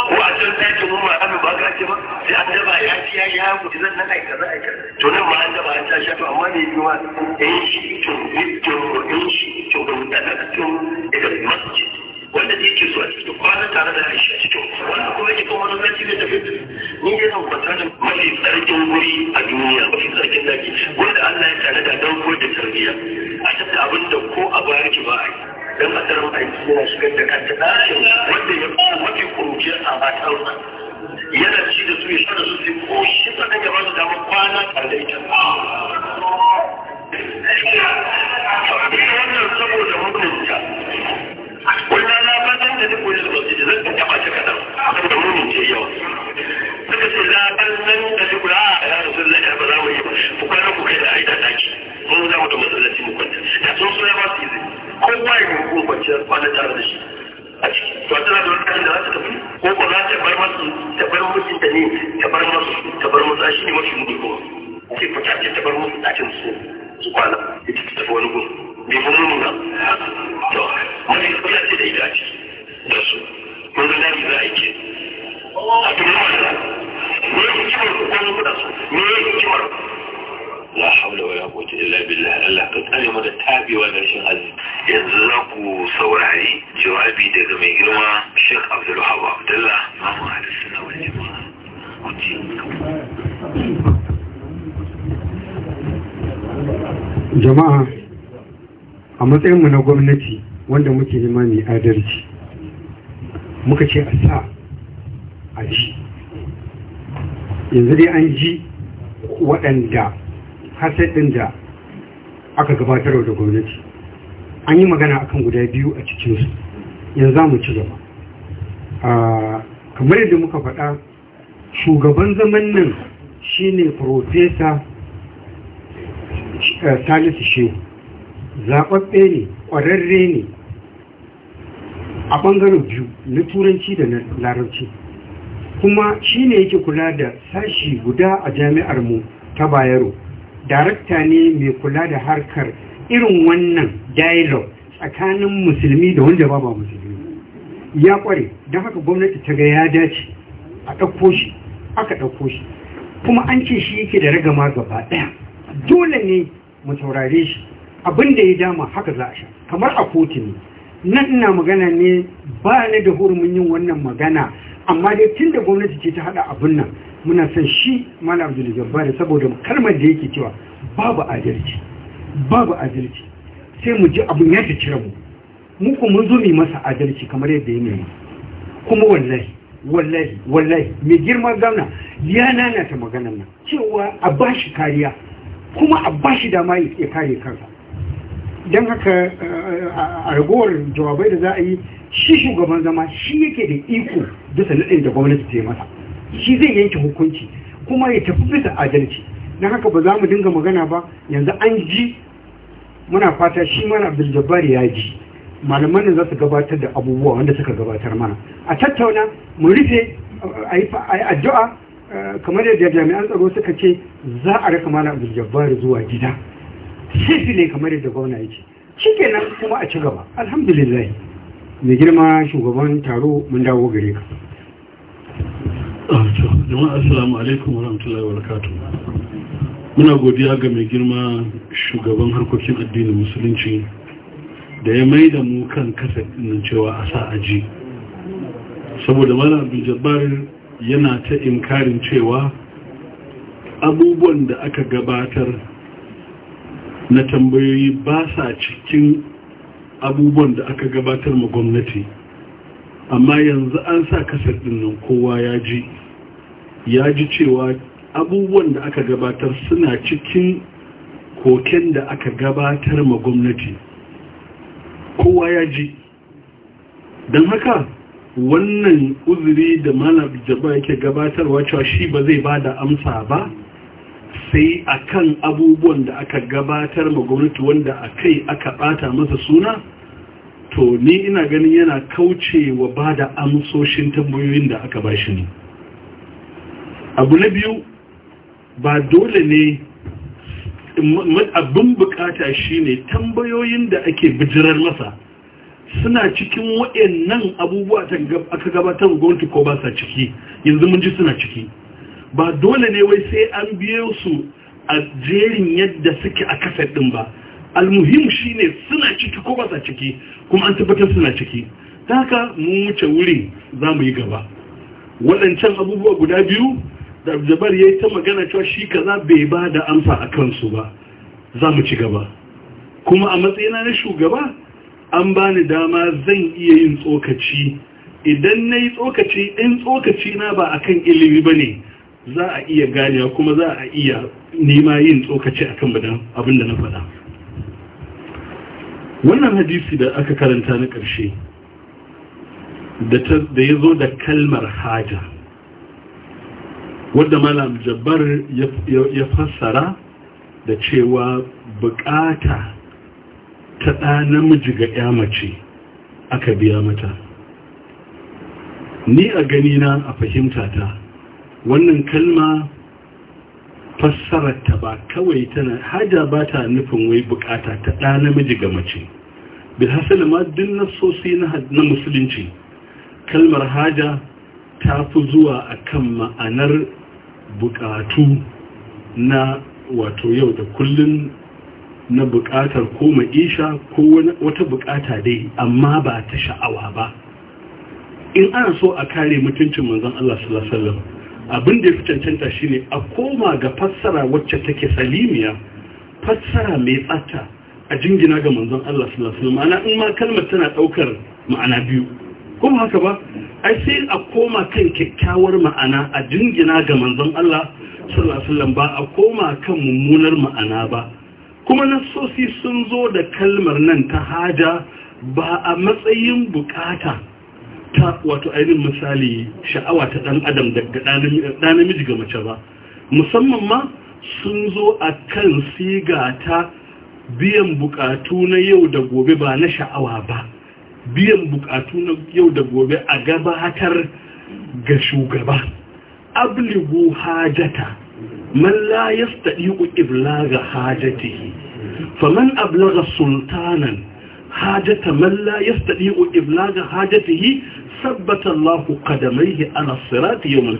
ko a can ce mun ma ba ka ce ba sai an daba ya ci ya yi zan nan aika za aika to nan ma an daba an ta sha to amma ne biyu ma in shi to in to in shi to da mutane to da masjid wanda zai ke so a cikin kwana tare da aisha cikin wanda kuma yake kuma wani zai da tafi ni ne zan kwanta da mafi tsarkin wuri a duniya mafi tsarkin daki wanda allah ya tare da don koyar da tarbiyya a tattara abin da ko a baya ki ba a yi don a tsarin aiki yana shigar da kanta ɗakin wanda ya fi mafi kuruciyar a matarsa yana ci da su ya sha da su sai ko shi tsanan ya ba su damar kwana tare da ita. da duk wani zan shi ce suka ce za da duk a ah, ya rasulullahi ba za mu yi ba ku ku kai da aida daki mun za mu da mu kwanta sun ba su izini tare da shi a ciki to a tana da da za tafi ko za ta bar masu ta bar musu ta ne ta bar masu ta bar shi ne mafi ko fita ce ta bar musu su su kwana ita ta tafi wani gun bai fi ba to ce da ita a ciki da su mun ga dadi za a yi a tunan da ne hikimar ku kwanu kuɗa su ne hikimar la haula wala quwwata illa billah Allah ka tsare mu da tabewa da rashin arziki yanzu za ku saurari jawabi daga mai girma Sheikh Abdul Wahab Abdullah Imam Ahlus Sunna wal Jamaa ku ji jama'a a matsayinmu na gwamnati wanda muke nema mai adalci muka ce a sa a ji yanzu dai an ji waɗanda ɗin da aka gabatar da gwamnati an yi magana akan guda biyu a cikinsu yanzu za mu ci gaba kamar yadda muka faɗa shugaban zaman nan shine profesa eh, salisu shehu zaɓaɓɓe ne ƙwararre ne a ɓangaren biyu na turanci da na larabci kuma shi ne yake kula da sashi guda a jami'ar mu ta bayero darakta ne mai kula da harkar irin wannan dialogue tsakanin musulmi da wanda ba ba musulmi ya kware don haka gwamnati ta ga ya dace a ɗauko shi aka ɗauko shi kuma an ce shi yake da ragama gaba ɗaya dole ne mu saurare shi abinda ya dama haka za a sha kamar a kotu ne nan ina magana ne ba ni da hurumin yin wannan magana amma dai tun da gwamnati ce ta hada abin nan muna son shi mana da da jabbar saboda kalmar da yake cewa babu adalci babu adalci sai mu ji abin ya cire mu mu ko mun zo mu masa adalci kamar yadda ya nemi kuma wallahi wallahi wallahi mai girma gauna ya ta maganar nan cewa a bashi kariya kuma a bashi dama ya kare kansa don haka eh, a ragowar jawabai da za a yi shi shugaban zama shi yake da iko bisa naɗin da gwamnati ta yi masa shi zai yanke hukunci kuma ya tafi bisa adalci don haka ba za mu dinga magana ba yanzu an ji muna fata shi mana abdul jabbar ya ji malaman nan za su gabatar da abubuwa wanda suka gabatar mana a tattauna mu rufe a yi addu'a eh, kamar yadda jami'an tsaro suka ce za a raka mana abdul jabbar zuwa gida shirfi ne kamar yadda gwamna ya shi ke nan kuma a ci gaba alhamdulillah mai girma shugaban taro mun dawo gare ka ah, assalamu alaikum wa rahmatullahi wa muna godiya ga mai girma shugaban harkokin addinin musulunci da ya mai da mu kan kasa nan cewa a sa aji saboda mana abin jabbar yana ta inkarin cewa abubuwan da aka gabatar na tambayoyi ba sa cikin abubuwan da aka gabatar ma gwamnati amma yanzu an sa kasar nan kowa ya ji ya ji cewa abubuwan da aka gabatar suna cikin koken da aka gabatar ma gwamnati kowa ya ji don haka wannan uzuri da malam jaba yake gabatarwa cewa shi ba zai ba da amsa ba sai a kan abubuwan da aka gabatar ma gwamnati wanda a kai aka bata masa suna to ni ina ganin yana kauce wa ba da amsoshin tambayoyin da aka ba shi ne abu na biyu ba dole ne abin bukata shine tambayoyin da ake bijirar masa suna cikin nan abubuwa aka gabatar gwamnati ko ba sa ciki yanzu mun ji suna ciki ba dole ne wai sai an biyo su a jerin yadda suke a kasar ɗin ba almuhim ne suna ciki ko ba ciki kuma an tabbatar suna ciki ta haka mun wuce wurin za mu yi gaba waɗancan abubuwa guda biyu da jabar ya yi ta magana cewa shi kaza bai ba da amsa a kansu ba za mu ci gaba kuma a matsayina na shugaba an ba ni dama zan iya yin tsokaci idan na yi tsokaci in tsokaci na ba akan ilimi ba ne za a iya ganewa kuma za a iya nema yin tsokaci akan badan abin da na faɗa wannan hadisi da aka karanta na ƙarshe da ya zo da kalmar haja wadda malam jabbar ya fassara da cewa bukata ta ɗa namiji ga ya mace aka biya mata ni a ganina a fahimta ta wannan kalma ta ba kawai tana haja ba ta nufin wai bukata ta ɗa namiji ga mace hasali ma duk nasosi na musulunci kalmar haja ta fi zuwa a kan ma'anar bukatu na wato yau da kullun na bukatar ko ma'isha ko wata bukata dai amma ba ta sha'awa ba in ana so a kare mutuncin manzon Allah sallallahu abin da ya fi cancanta shine a koma ga fassara wacce take salimiya fassara mai tsata a jingina ga manzon Allah sallallahu alaihi wasallam ma'ana in ma kalmar tana daukar ma'ana biyu ko haka ba ai sai a koma kan kyakkyawar ma'ana a jingina ga manzon Allah sallallahu alaihi wasallam ba a koma kan mummunar ma'ana ba kuma nasosi sun zo da kalmar nan ta haja ba a matsayin bukata ta wato ainihin misali sha'awa ta ɗan adam daga ɗa namiji ga mace ba musamman ma sun zo a kan siga ta biyan bukatu na yau da gobe ba na sha'awa ba biyan bukatu na yau da gobe a gabatar ga shugaba abligu hajata man la yastadiqu iblaga hajatihi faman ablaga sultanan hajata man la yastadiqu iblaga hajatihi sabbata Allahu qadamaihi ala sirati yawm al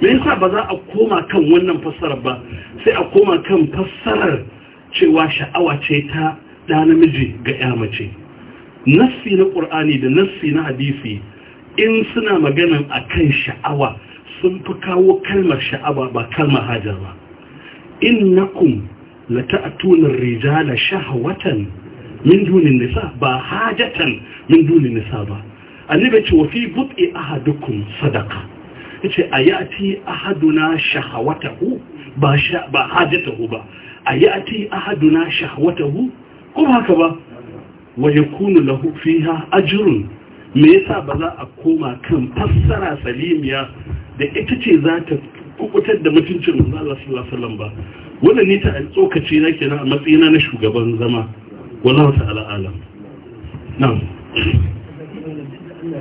me yasa ba za a koma kan wannan fassarar ba sai a koma kan fassarar cewa sha'awa ce ta da namiji ga ya mace nassi na qur'ani da nassi na hadisi in suna magana akan sha'awa sun fi kawo kalmar sha'awa ba kalmar hajar ba innakum lata'tuna ar-rijala shahwatan min dunin nisa ba hajatan min dunin nisa ba annabi ce wa fi but'i ahadukum sadaqa yace ayati ahaduna shahawatahu ba sha ba hajatahu ba ayati ahaduna shahawatahu ko haka ba wa yakunu lahu fiha ajrun me yasa ba za a koma kan fassara salimiya da ita ce za ta kukutar da mutuncin manzo Allah sallallahu alaihi wasallam ba wannan ne ta tsokaci na kenan a matsayina na shugaban zama wallahu ta'ala alam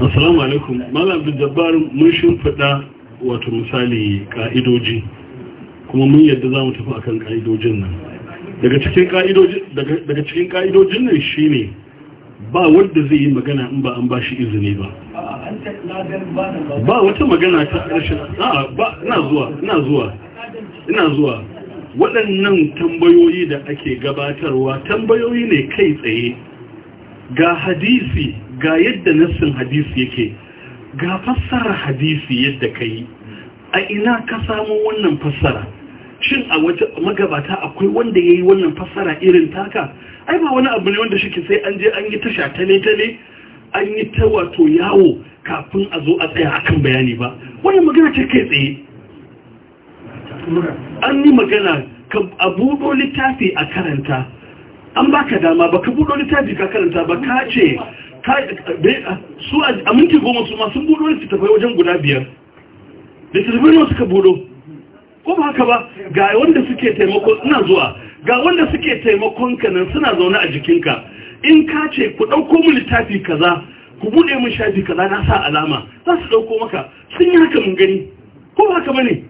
assalamu alaikum malam abdul jabbar mun shimfiɗa wato misali ka'idoji kuma mun yadda za mu tafi akan ka'idojin nan daga cikin ka'idojin nan shi ne ba wanda zai yi magana in ba an ba shi izini ba ba wata magana ta rashin ba ina zuwa ina zuwa ina zuwa waɗannan tambayoyi da ake gabatarwa tambayoyi ne kai tsaye ga hadisi ga yadda nassin hadisi yake ga fassara hadisi yadda ka yi a ina ka samu wannan fassara shin a wata magabata akwai wanda ya yi wannan fassara irin taka ai ba wani abu ne wanda ke sai an je an yi tasha ta ne ta ne, an yi ta wato yawo kafin a zo a tsaya akan bayani ba wannan magana ce kai tsaye an yi magana ka abubo littafi a karanta an baka dama ba ka buɗo littafi ka karanta ba ka ce su a minti goma su ma sun buɗo tafai wajen guda biyar littattafai ne suka buɗo ko ba haka ba ga wanda suke taimako suna zuwa ga wanda suke taimakon ka nan suna zaune a jikinka in ka ce ku ɗauko mu littafi kaza ku buɗe mu shafi kaza na sa alama za su ɗauko maka sun yi haka mun gani ko ba haka ba ne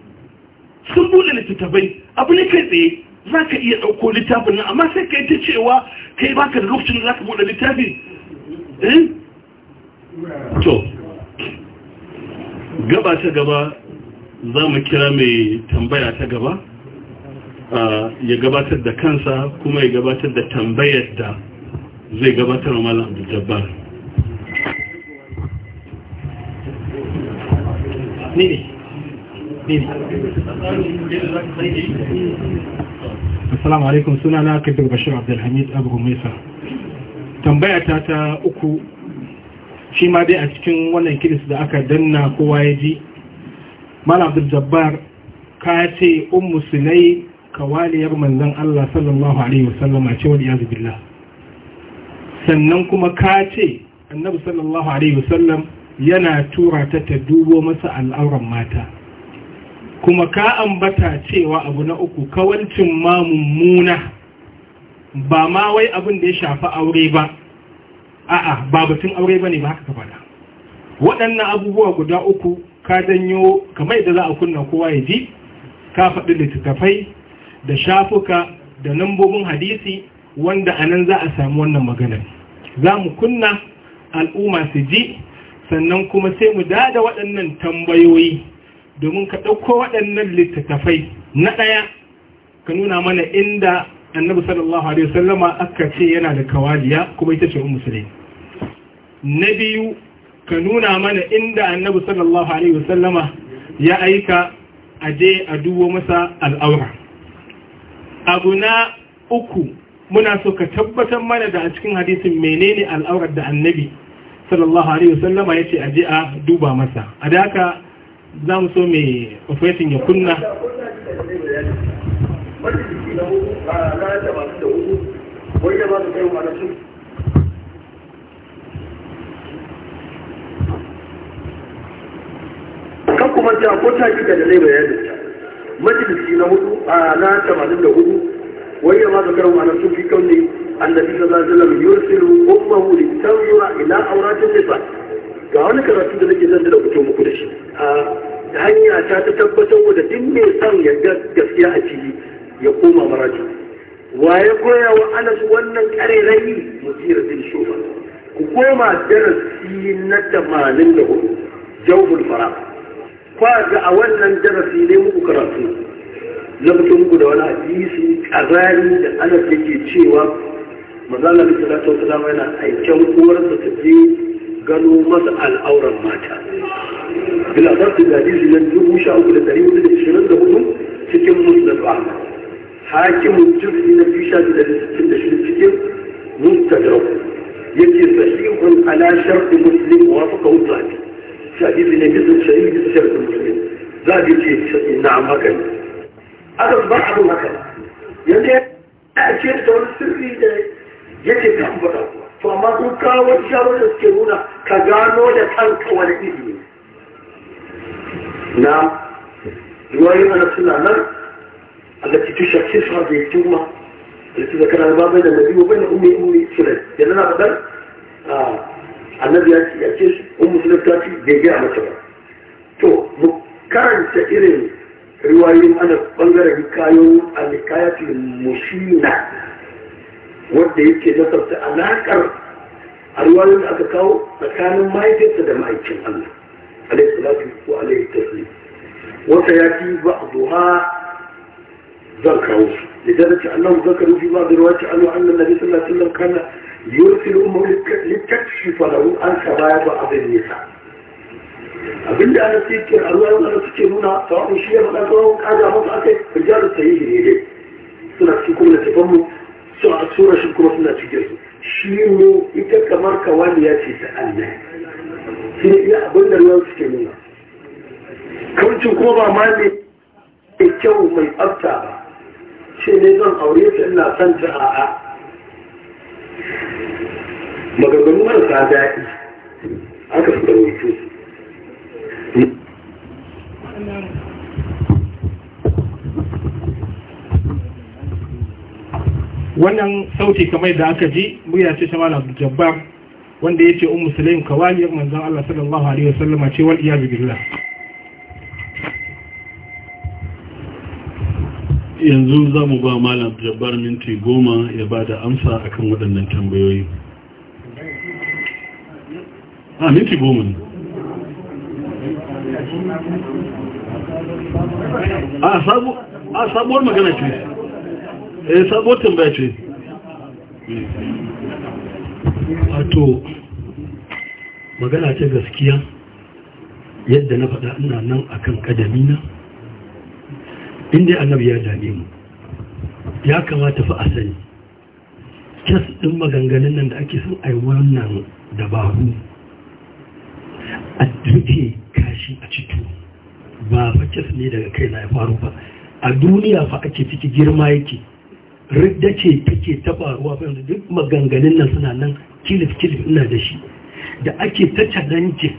sun buɗe littattafai abu ne kai tsaye za ka iya ɗauko littafin nan amma sai ka yi ta cewa ka kai baka da lokacin da za ka buɗe littafi eh? to gaba ta gaba za mu kira mai tambaya ta gaba ya gabatar da kansa kuma ya gabatar da tambayar da zai gabatar wa malam da jabbar Nini? assalamu alaikum suna na kabir bashir abdulhamid abu maisa tambaya ta ta uku shi ma dai a cikin wannan kiris da aka danna kowa ya ji mala abdul jabbar ka ce un musulai kawaliyar manzan allah sallallahu alaihi wasallam a cewar yazu billah sannan kuma ka ce annabi sallallahu alaihi wasallam yana tura ta ta dubo masa al'auran mata kuma ka ambata cewa abu na uku kawancin ma mummuna ba ma wai abin da ya shafi aure ba a'a ba batun aure ba ne ba haka faɗa waɗannan abubuwa guda uku ka danyo kamar yadda za a kunna kowa ya ji ka faɗi littattafai da shafuka da lambobin hadisi wanda a nan za a sami wannan maganar za mu kunna al'umma su ji sannan kuma sai mu dada waɗannan tambayoyi domin ka ɗauko waɗannan littattafai na ɗaya ka nuna mana inda annabi sallallahu alaihi wasallama aka ce yana da kawaliya kuma ita ce ummu sulaim na biyu ka nuna mana inda annabi sallallahu alaihi wasallama ya aika a je a duwo masa al'aura abu na uku muna so ka tabbatar mana da a cikin hadisin menene al'aurar da annabi sallallahu alaihi wasallama ya ce a je a duba masa a da haka za mu so mai ofesin ya kunna kuma ta ko kika da na hudu a na tamanin da hudu ma ma'anar sun kan ne annabi sallallahu alaihi wasallam yursilu ummahu ila awratin nisa ga wani karatu da nake zan da kuto muku da shi hanya ta ta tabbatar da duk mai son ya gaskiya a ciki ya koma maraji wa ya koya wa anas wannan ƙarairayi musirar din Shofar. ku koma darasi na tamanin da hudu jawabul fara kwaga a wannan darasi ne muku karatu na fito muku da wani hadisi ƙazari da anas yake cewa manzala bi salatu wasalam yana aikin uwarsa ta je gano masa al'auran mata bilafarsu da hadisi na dubu sha uku da ɗari hudu da ishirin da hudu cikin musnad ahmad hakimin jirgi na biyu sha biyu da sittin da shida cikin mustadrak yake sahihun ala sharɗi muslim wa fuka zabi shi hadisi ne bisan shari'i bisa sharɗi muslim zabi ce na magani aka ba abin haka yanzu ya ce ta wani sirri da ce ta faɗa kuwa to amma sun kawo wani shawarar da suke nuna ka gano da kanka wani iri na riwayoyin ana suna nan التي تشخصها بالجمعة التي ذكرها ما بين النبي وبين أم أم سليم لأن يعني أنا بدل آه. النبي يأتيش أم سليم تأتي بيجاء مثلا تو مكان تأيرين رواية أنا بنجر الحكاية الحكاية المشينة wanda yake nasarta alaƙar a da aka kawo tsakanin mahaifinsa da ma'aikin Allah alaihi salatu wa alaihi taslim wata ya fi ba a zuha zan kawo su da daraja Allah zakaru fi ba da ruwaci Allah annan nabi sallallahu alaihi wasallam kana yursil ummu litashi fa lahu an sabaya ba abin nisa abinda ana ce a ruwan da suke nuna sawa'un shi ya faɗa sawa'un kaja masa akai rijalu sahihi ne dai suna cikin kuma da tafanmu cewa a tura shi kuma suna cikin su shi ne ita kamar ya ce ta Allah shi ne iya abin da ruwan suke nuna kawancin kuma ba ma ne mai kyau mai tsafta ba shi ne zan aure ta ina son ta a'a maganganu marasa daɗi aka fi da wato wannan sauti kamar da aka ji murya ce ta malam jabbar wanda ce ummu sulaim kawaliyar manzon Allah sallallahu alaihi wasallama ce wal iyad billah yanzu za mu ba malam jabbar minti goma ya ba da amsa akan waɗannan tambayoyi a minti goma ne a sabuwar magana ce eh sabo tambaya ce wato magana ce gaskiya yadda na faɗa ina nan a kan ƙadamina. inda annabi ya dame mu ya kamata fa a sani kes ɗin maganganun nan da ake son ai da dabaru a duke kashi a cito ba fa kes ne daga kai na ya faru ba a duniya fa ake ciki girma yake ridda ce take tabaruwa fahimta duk maganganun nan suna nan kilif-kilif ina da shi da ake ta challenge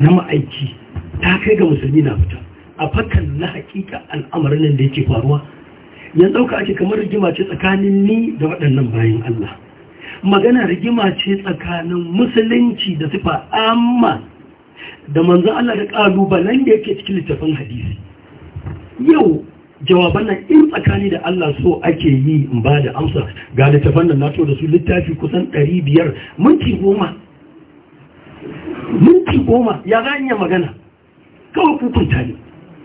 na ma'aiki ta kai ga musulmi na fita a fakan na hakika al'amarin nan da yake faruwa yan ɗauka ake kamar rigima ce tsakanin ni da waɗannan bayan Allah magana rigima ce tsakanin musulunci da sifa amma da manzan Allah da ƙalubalen da yake cikin littafin hadisi yau jawaban nan in tsakani da Allah so ake yi in ba da amsa ga littafan nan na da su littafi kusan 500 minti goma minti goma ya za iya magana kawai kukunta ne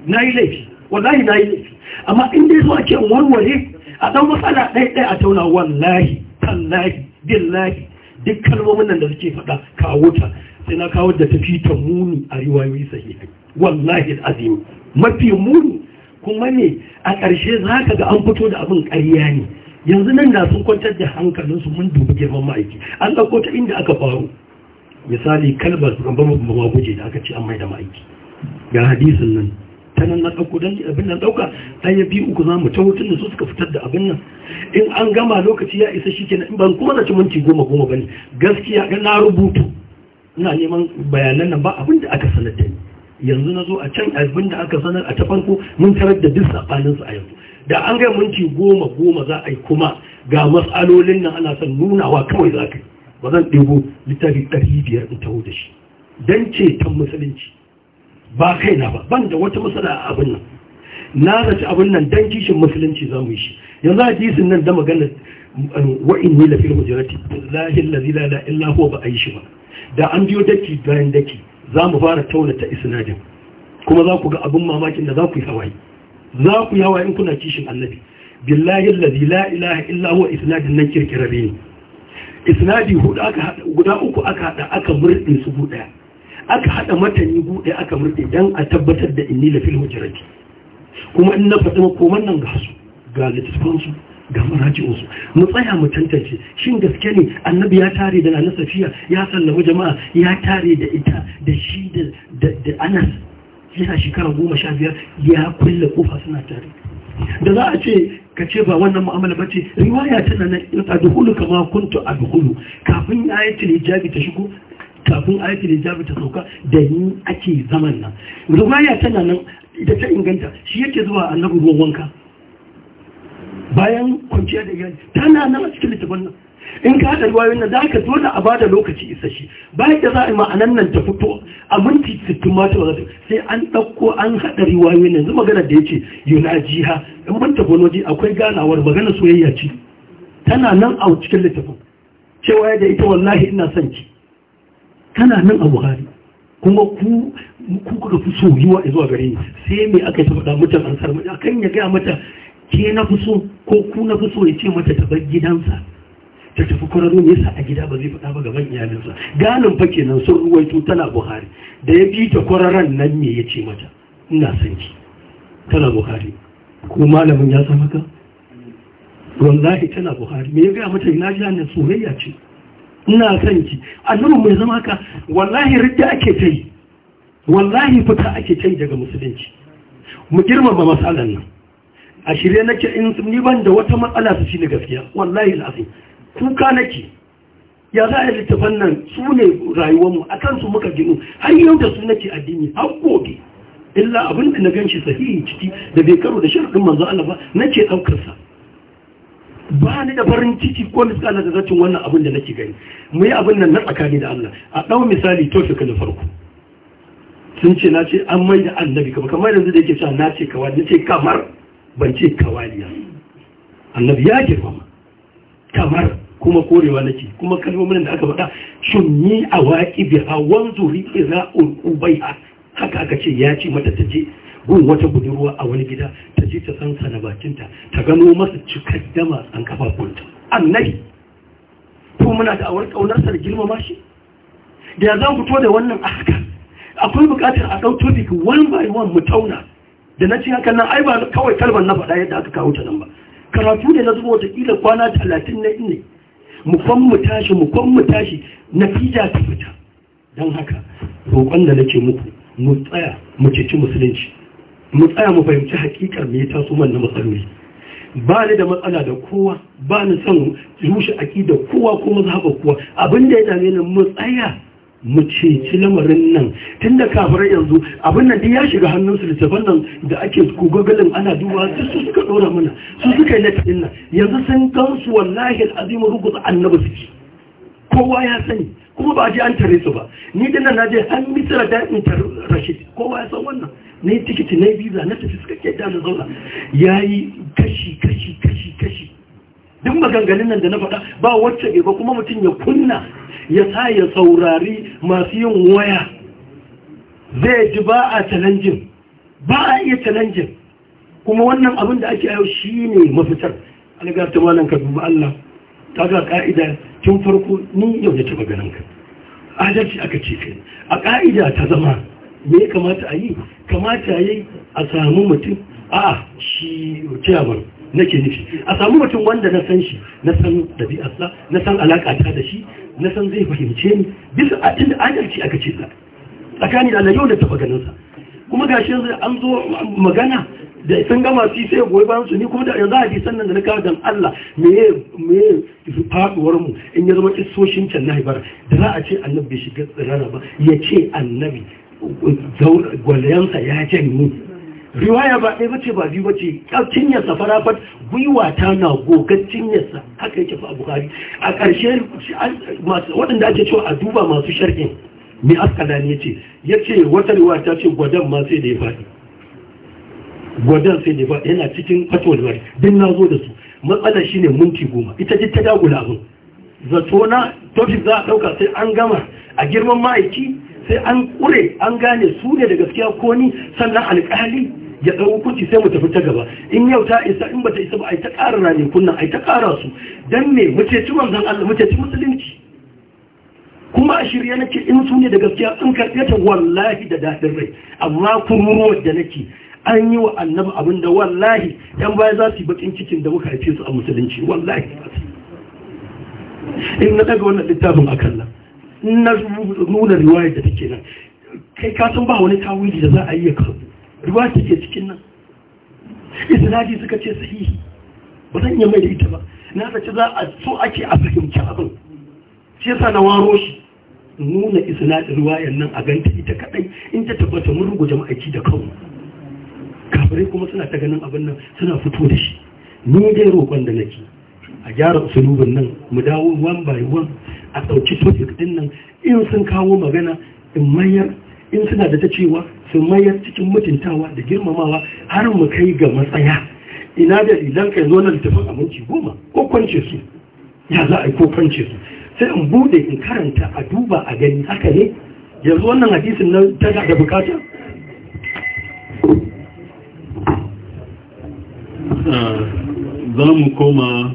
na yi laifi wallahi na yi laifi amma in dai so ake warware a dan matsala ɗaya ɗaya a tauna wallahi tallahi billahi duk kalmomin nan da suke faɗa kawo ta sai na kawo da tafi ta muni a riwayoyi sahihai wallahi azim mafi muni kuma ne a ƙarshe za ka ga an fito da abin ƙarya ne yanzu nan da sun kwantar da hankalinsu mun dubi girman ma'aiki an ɗauko ta inda aka faru misali kalbar rambar mabama guje da aka ce an mai da ma'aiki ga hadisin nan ta nan na ɗauko don abin nan ɗauka ya biyu uku za mu ta hutun da su suka fitar da abin nan in an gama lokaci ya isa shi kenan ban kuma ci minti goma goma ba ne gaskiya na rubutu ina neman bayanan nan ba abin da aka sanar da ni yanzu na zo a can abin da aka sanar a ta farko mun tarar da duk saɓaninsu a yanzu da an gaya minti goma goma za a yi kuma ga matsalolin nan ana son nunawa kawai za ka yi ba zan ɗebo littafi ɗari biyar in taho da shi don ceton musulunci ba kai na ba ban da wata matsala a abin nan na zaci abin nan don kishin musulunci za mu yi shi yanzu hadisin nan da magana wa'in ne lafiyar hujjarati lahi lalila da illa huwa ba a yi shi ba da an biyo daki bayan daki za mu fara taunata isnadin kuma za ku ga abin mamakin da za ku yi hawaye za ku yi hawaye in kuna kishin annabi billahi allazi la ilaha illa huwa isnadin nan kirkirare ne isnadi hudu aka guda uku aka haɗa aka murde su guda aka hada matani guda aka murde dan a tabbatar da inni la fil hujrati kuma in na faɗi makoman nan ga su ga littafansu ga maraji'unsu mu tsaya mu tantance shin gaske ne annabi ya tare da na safiya ya sallama jama'a ya tare da ita da shi da anas yana shekara goma sha biyar ya kulle kofa suna tare da za a ce ka ce ba wannan mu'amala ba ce riwaya tana nan in adhulu kama kuntu adhulu kafin ayatul hijabi ta shigo kafin ayatul hijabi ta sauka da ni ake zaman nan riwaya tana nan ita ta inganta shi yake zuwa annabi ruwan wanka bayan kwanciya da iyali tana nan cikin littafin in ka haɗa ruwayoyin nan za ka zo da a bada lokaci isa shi bayan da za a yi ma'anan nan ta fito a minti sittin ma ta sai an ɗauko an haɗa ruwayoyin yanzu magana da ya ce jiha in ban tafonoji akwai ganawar magana soyayya ce tana nan a cikin littafin cewa da ita wallahi ina son ki tana nan a buhari kuma ku kuka fi soyuwa zuwa gare ni sai me aka yi ta faɗa mutan ansar a kan ya gaya mata ke na fi so ko ku na fi so ya ce mata ta bar gidansa ta tafi kwararru ne sa a gida ba zai faɗa ba gaban iyalinsa ganin fa kenan sun ruwaito tana buhari da ya bi ta kwararren nan me ya ce mata ina son ki tana buhari ko malamin ya san haka wallahi tana buhari me ya gaya mata ina ji ne soyayya ce ina son ki nan mai zama ka wallahi ridda ake ta yi wallahi fita ake ta yi daga musulunci mu girmama masalan nan a shirye nake in ni ban da wata matsala su shine gaskiya wallahi alazim kuka nake ya za a littafan nan su ne rayuwarmu a su muka gino har yau da su nake addini har gobe illa abin da na gan shi sahihi ciki da bai karo da sharaɗin manzo Allah ba nake ɗaukarsa ba ni da farin ciki ko misali da zacin wannan abin da nake gani mu yi abin nan na tsakani da Allah a ɗau misali to fi na farko sun ce na ce an mai da annabi kamar kamar yanzu da yake cewa na ce kawai na ce kamar ban ce kawaliya annabi ya girmama kamar kuma korewa nake kuma kalmomin da aka faɗa sun yi a waƙi bi a wanzuri iza haka aka ce ya ce mata ta je gun wata budurwa a wani gida ta je ta san sana bakinta ta gano masa cikar dama an kunta annabi ko muna da awar kaunar sa da girmama shi da ya zan fito da wannan a haka akwai bukatar a ɗau topic one by one mu tauna da na ci hakan nan ai ba kawai kalmar na faɗa yadda aka kawo ta nan ba karatu ne na zuwa watakila kwana talatin na ne mu kwan mu tashi mu kwan mu tashi Na fija ta fita don haka roƙon da nake muku mu tsaya mu ceci musulunci mu tsaya mu fahimci hakikar me ta su na matsaloli ba ni da matsala da kowa ba ni son rushe da kowa ko mazhabar kowa abin da ya dame ni mu tsaya mu ceci lamarin nan tun da kafirai yanzu abin nan ya shiga hannunsu littafan nan da ake kugagalin ana duba su su suka dora mana su suka yi latin nan yanzu sun gansu wallahi azimin rubuta annaba suke kowa ya sani kuma ba a je an tare su ba ni da nan na je an misira da in tar rashid kowa ya san wannan ne tikiti na biza na tafi suka ke da zauna yayi kashi kashi kashi kashi duk maganganun nan da na faɗa ba wacce bai ba kuma mutum ya kunna ya sa ya saurari masu yin waya zai ji ba a challenging ba a iya challenging kuma wannan abin da ake yau shi ne mafitar ta malam ka duba Allah ta ga ka'ida tun farko ni yau ya taɓa ganin ka adalci aka ce kai a ka'ida ta zama me ya kamata a yi kamata a yi a samu mutum a shi ciyaman nake nufi a samu mutum wanda na san shi na san dabi'arsa na san alaƙata da shi na san zai fahimce ni bisa a tun adalci aka ce sa tsakani da Allah yau da taɓa ganin sa kuma gashi yanzu an zo magana da sun gama su sai goyi bayan su ni kuma da yanzu a sannan da na kawo dan Allah meye meye faɗuwar mu in ya zama isoshin can na haibar da za a ce annabi bai shiga tsirara ba ya ce annabi gwalayansa ya janye riwaya ba ɗaya bace ba biyu bace ƙarcin yasa farafat gwiwa ta na gogaccin yasa haka yake fa bukari a ƙarshe waɗanda ake cewa a duba masu sharkin mai askala ne ce ya ce wata riwaya ta ce gwadon ma sai da ya faɗi gwadon sai da ya faɗi yana cikin fatowar din na zo da su matsalar shine minti goma ita ce ta dagula abin zato na tofi za a ɗauka sai an gama a girman ma'aiki sai an kure an gane su ne da gaskiya ko ni sannan alƙali ya ɗau kurci, sai mu tafi ta gaba in yau ta isa in bata isa ba a yi ta ƙara rani kunnan a yi ta ƙara su don me mu ci manzan Allah ci musulunci kuma a shirya nake in su ne da gaskiya an karɓe ta wallahi da daɗin rai amma kururuwar da nake an yi wa annabi abin da wallahi ɗan baya za su yi bakin cikin da muka haife su a musulunci wallahi in na daga wannan littafin a kallon na nuna riwayar da take nan kai kasan ba wani tawili da za a yi ya karbu riwayar take cikin nan isnadi suka ce sahihi ba zan yi mai da ita ba na ce za a so ake a fahimci abin shi yasa na waro shi nuna isnadi riwayar nan a ganta ita kadai in ta tabbata mun rubuta ma'aiki da kawo kafirai kuma suna ta ganin abin nan suna fito da shi ni dai roƙon da nake a gyara usulubin nan mu dawo wan by wan a ɗauki topic ɗin nan in sun kawo magana in mayar in suna da ta cewa su mayar cikin mutuntawa da girmamawa har mu kai ga matsaya ina da idan ka zo na littafin aminci goma ko kwance su ya za a yi ko kwance su sai in bude in karanta a duba a gani haka ne yanzu wannan hadisin nan tana da bukata za mu koma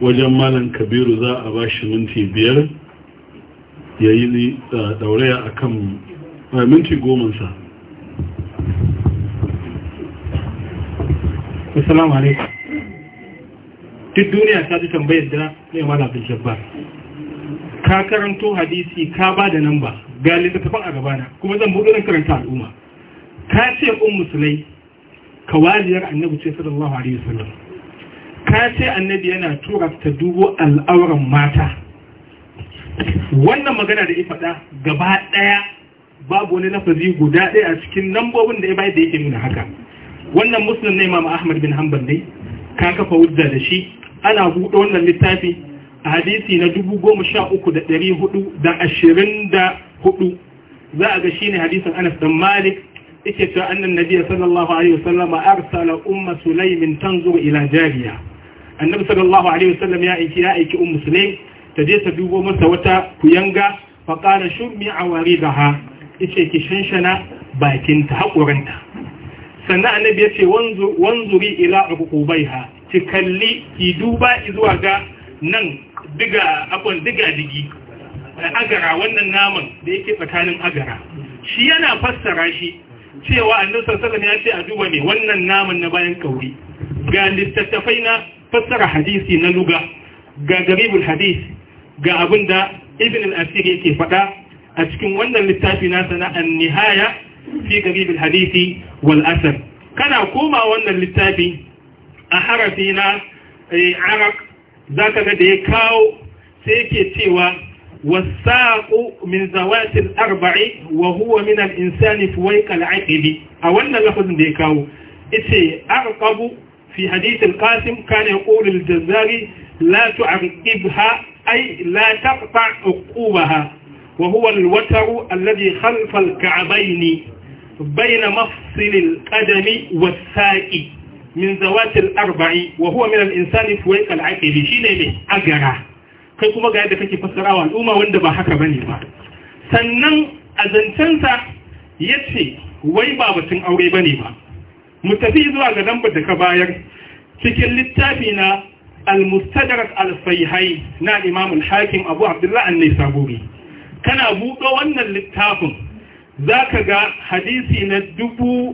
wajen malam kabiru za a ba shi minti biyar ya yi dauraya a kan minti gomansa assalamu alaikum duk duniya ta ji tambayar da ne malam abdul ka karanto hadisi ka ba da nan ba ga littattafan a gabana kuma zan buɗe zan karanta al'umma ka ce un umm musulai kawaliyar annabi ce sallallahu alaihi wasallam ka ce annabi yana tura ta dubo al'auran mata wannan magana da ya faɗa gaba ɗaya babu wani lafazi guda ɗaya a cikin lambobin da ya bayar da yake nuna haka wannan muslim na imam ahmad bin hanbal ne? ka kafa wujja da shi ana buɗe wannan littafi a hadisi na dubu goma sha uku da ɗari hudu da ashirin da hudu za a ga shi ne hadisin anas dan malik yake cewa annan nabiya sallallahu alaihi wasallama arsala umma sulaimin tanzuru ila jariya annabi sallallahu alaihi wasallam ya aiki ya aiki ummu ta je ta dubo masa wata kuyanga fa qala shummi awaridaha yace ki shanshana bakin ta hakuranta sannan annabi yace wanzu wanzuri ila uqubaiha ki kalli ki duba zuwa ga nan diga abun diga digi agara wannan naman da yake tsakanin agara shi yana fassara shi cewa annabi sallallahu ya ce a duba ne wannan naman na bayan kauri ga littattafai na fassara hadisi na luga ga garibul hadisi. ga abin da ibn al-asir yake faɗa a cikin wannan littafi nasa na an-nihaya fi garibul hadisi wal asar kana koma wannan littafi a harafi na eh, arak zaka ga da ya kawo sai yake cewa والساق من ذوات الأربع وهو من الإنسان فويق العقب أولا لفظ ديكاو إتي أرقب في حديث القاسم كان يقول الجزاري لا تعقبها أي لا تقطع عقوبها وهو الوتر الذي خلف الكعبين بين مفصل القدم والساق من ذوات الأربع وهو من الإنسان فويق العقب شيني أجره kai kuma ga yadda kake fassara wa al'umma wanda ba haka bane ba sannan a zancensa ya ce wai ba batun aure bane ba mu tafi zuwa ga lambar da ka bayar cikin littafi na al-mustadrak na imam al-hakim abu abdullah an-naisaburi kana buɗo wannan littafin zaka ga hadisi na dubu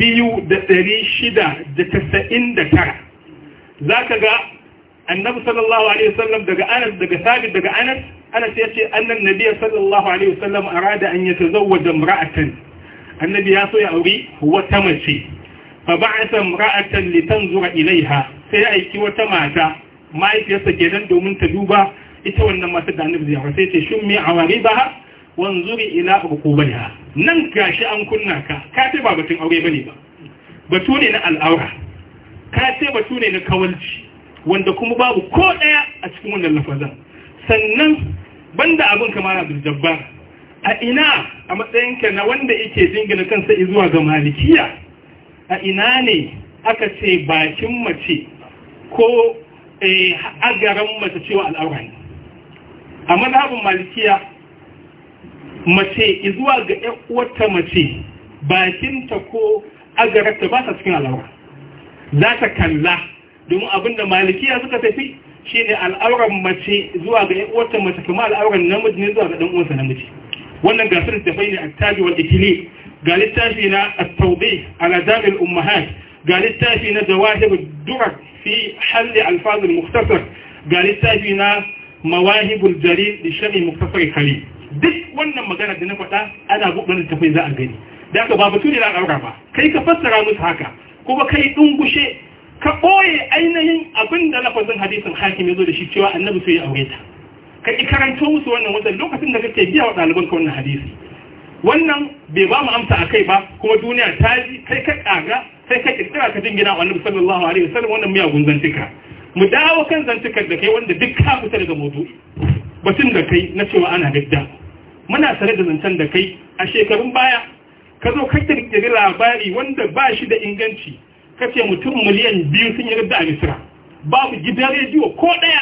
biyu da ɗari shida da tasa'in da tara zaka ga annabi sallallahu alaihi wasallam daga anas daga sabit daga anas anas ya ce annan nabi sallallahu alaihi wasallam arada an yatazawwaja imra'atan annabi ya so ya auri wata mace fa ba'atha imra'atan litanzura ilaiha sai aiki wata mata mahaifiyarsa kenan domin ta duba ita wannan matar da annabi zai sai ce shin me awaribaha wanzuri ila uqubaiha nan gashi an kunna ka ka ce ba batun aure bane ba batu ne na al'aura ka ce batu ne na kawalci wanda kuma babu ko ɗaya a cikin wannan lafazan sannan banda abin kamar a jabbar a ina a matsayinka na wanda yake jingina kansa zuwa ga malikiya a ina ne aka ce bakin mace ko eh, agaran mace cewa al'aura ne a mazhabin malikiya mace zuwa ga uwarta mace bakinta ko agararta ba sa cikin al'aura za ta kalla domin abinda malikiya suka tafi shine al'auran mace zuwa ga uwarta mace kuma al'auran namiji ne zuwa ga dan uwansa namiji wannan gasar da ne a tabi wal ikli ga littafi na at-tawbi ala ummahat ga littafi na zawahir ad fi Halli al-faz ga littafi na mawahib al da li sharh mukhtasar duk wannan magana da na faɗa ana gudanar da tafai za a gani da aka ba batu ne na al'aura ba kai ka fassara musu haka kuma kai dungushe ka ɓoye ainihin abin da lafazin hadisin hakim ya zo da shi cewa annabi sai ya aure ta ka ki karanto musu wannan wajen lokacin da kake biya wa ɗaliban ka wannan hadisi wannan bai ba mu amsa a kai ba kuma duniya ta ji kai ka ƙaga kai ka ƙirƙira ka jingina wa annabi sallallahu alaihi wasallam wannan miyagun zantuka mu dawo kan zantukar da kai wanda duk ka fita daga motu batun da kai na cewa ana gadda muna sare da zancen da kai a shekarun baya ka zo ka kirkiri labari wanda ba shi da inganci ce mutum miliyan biyu sun yi rabda a misira babu gidan rediyo ko ɗaya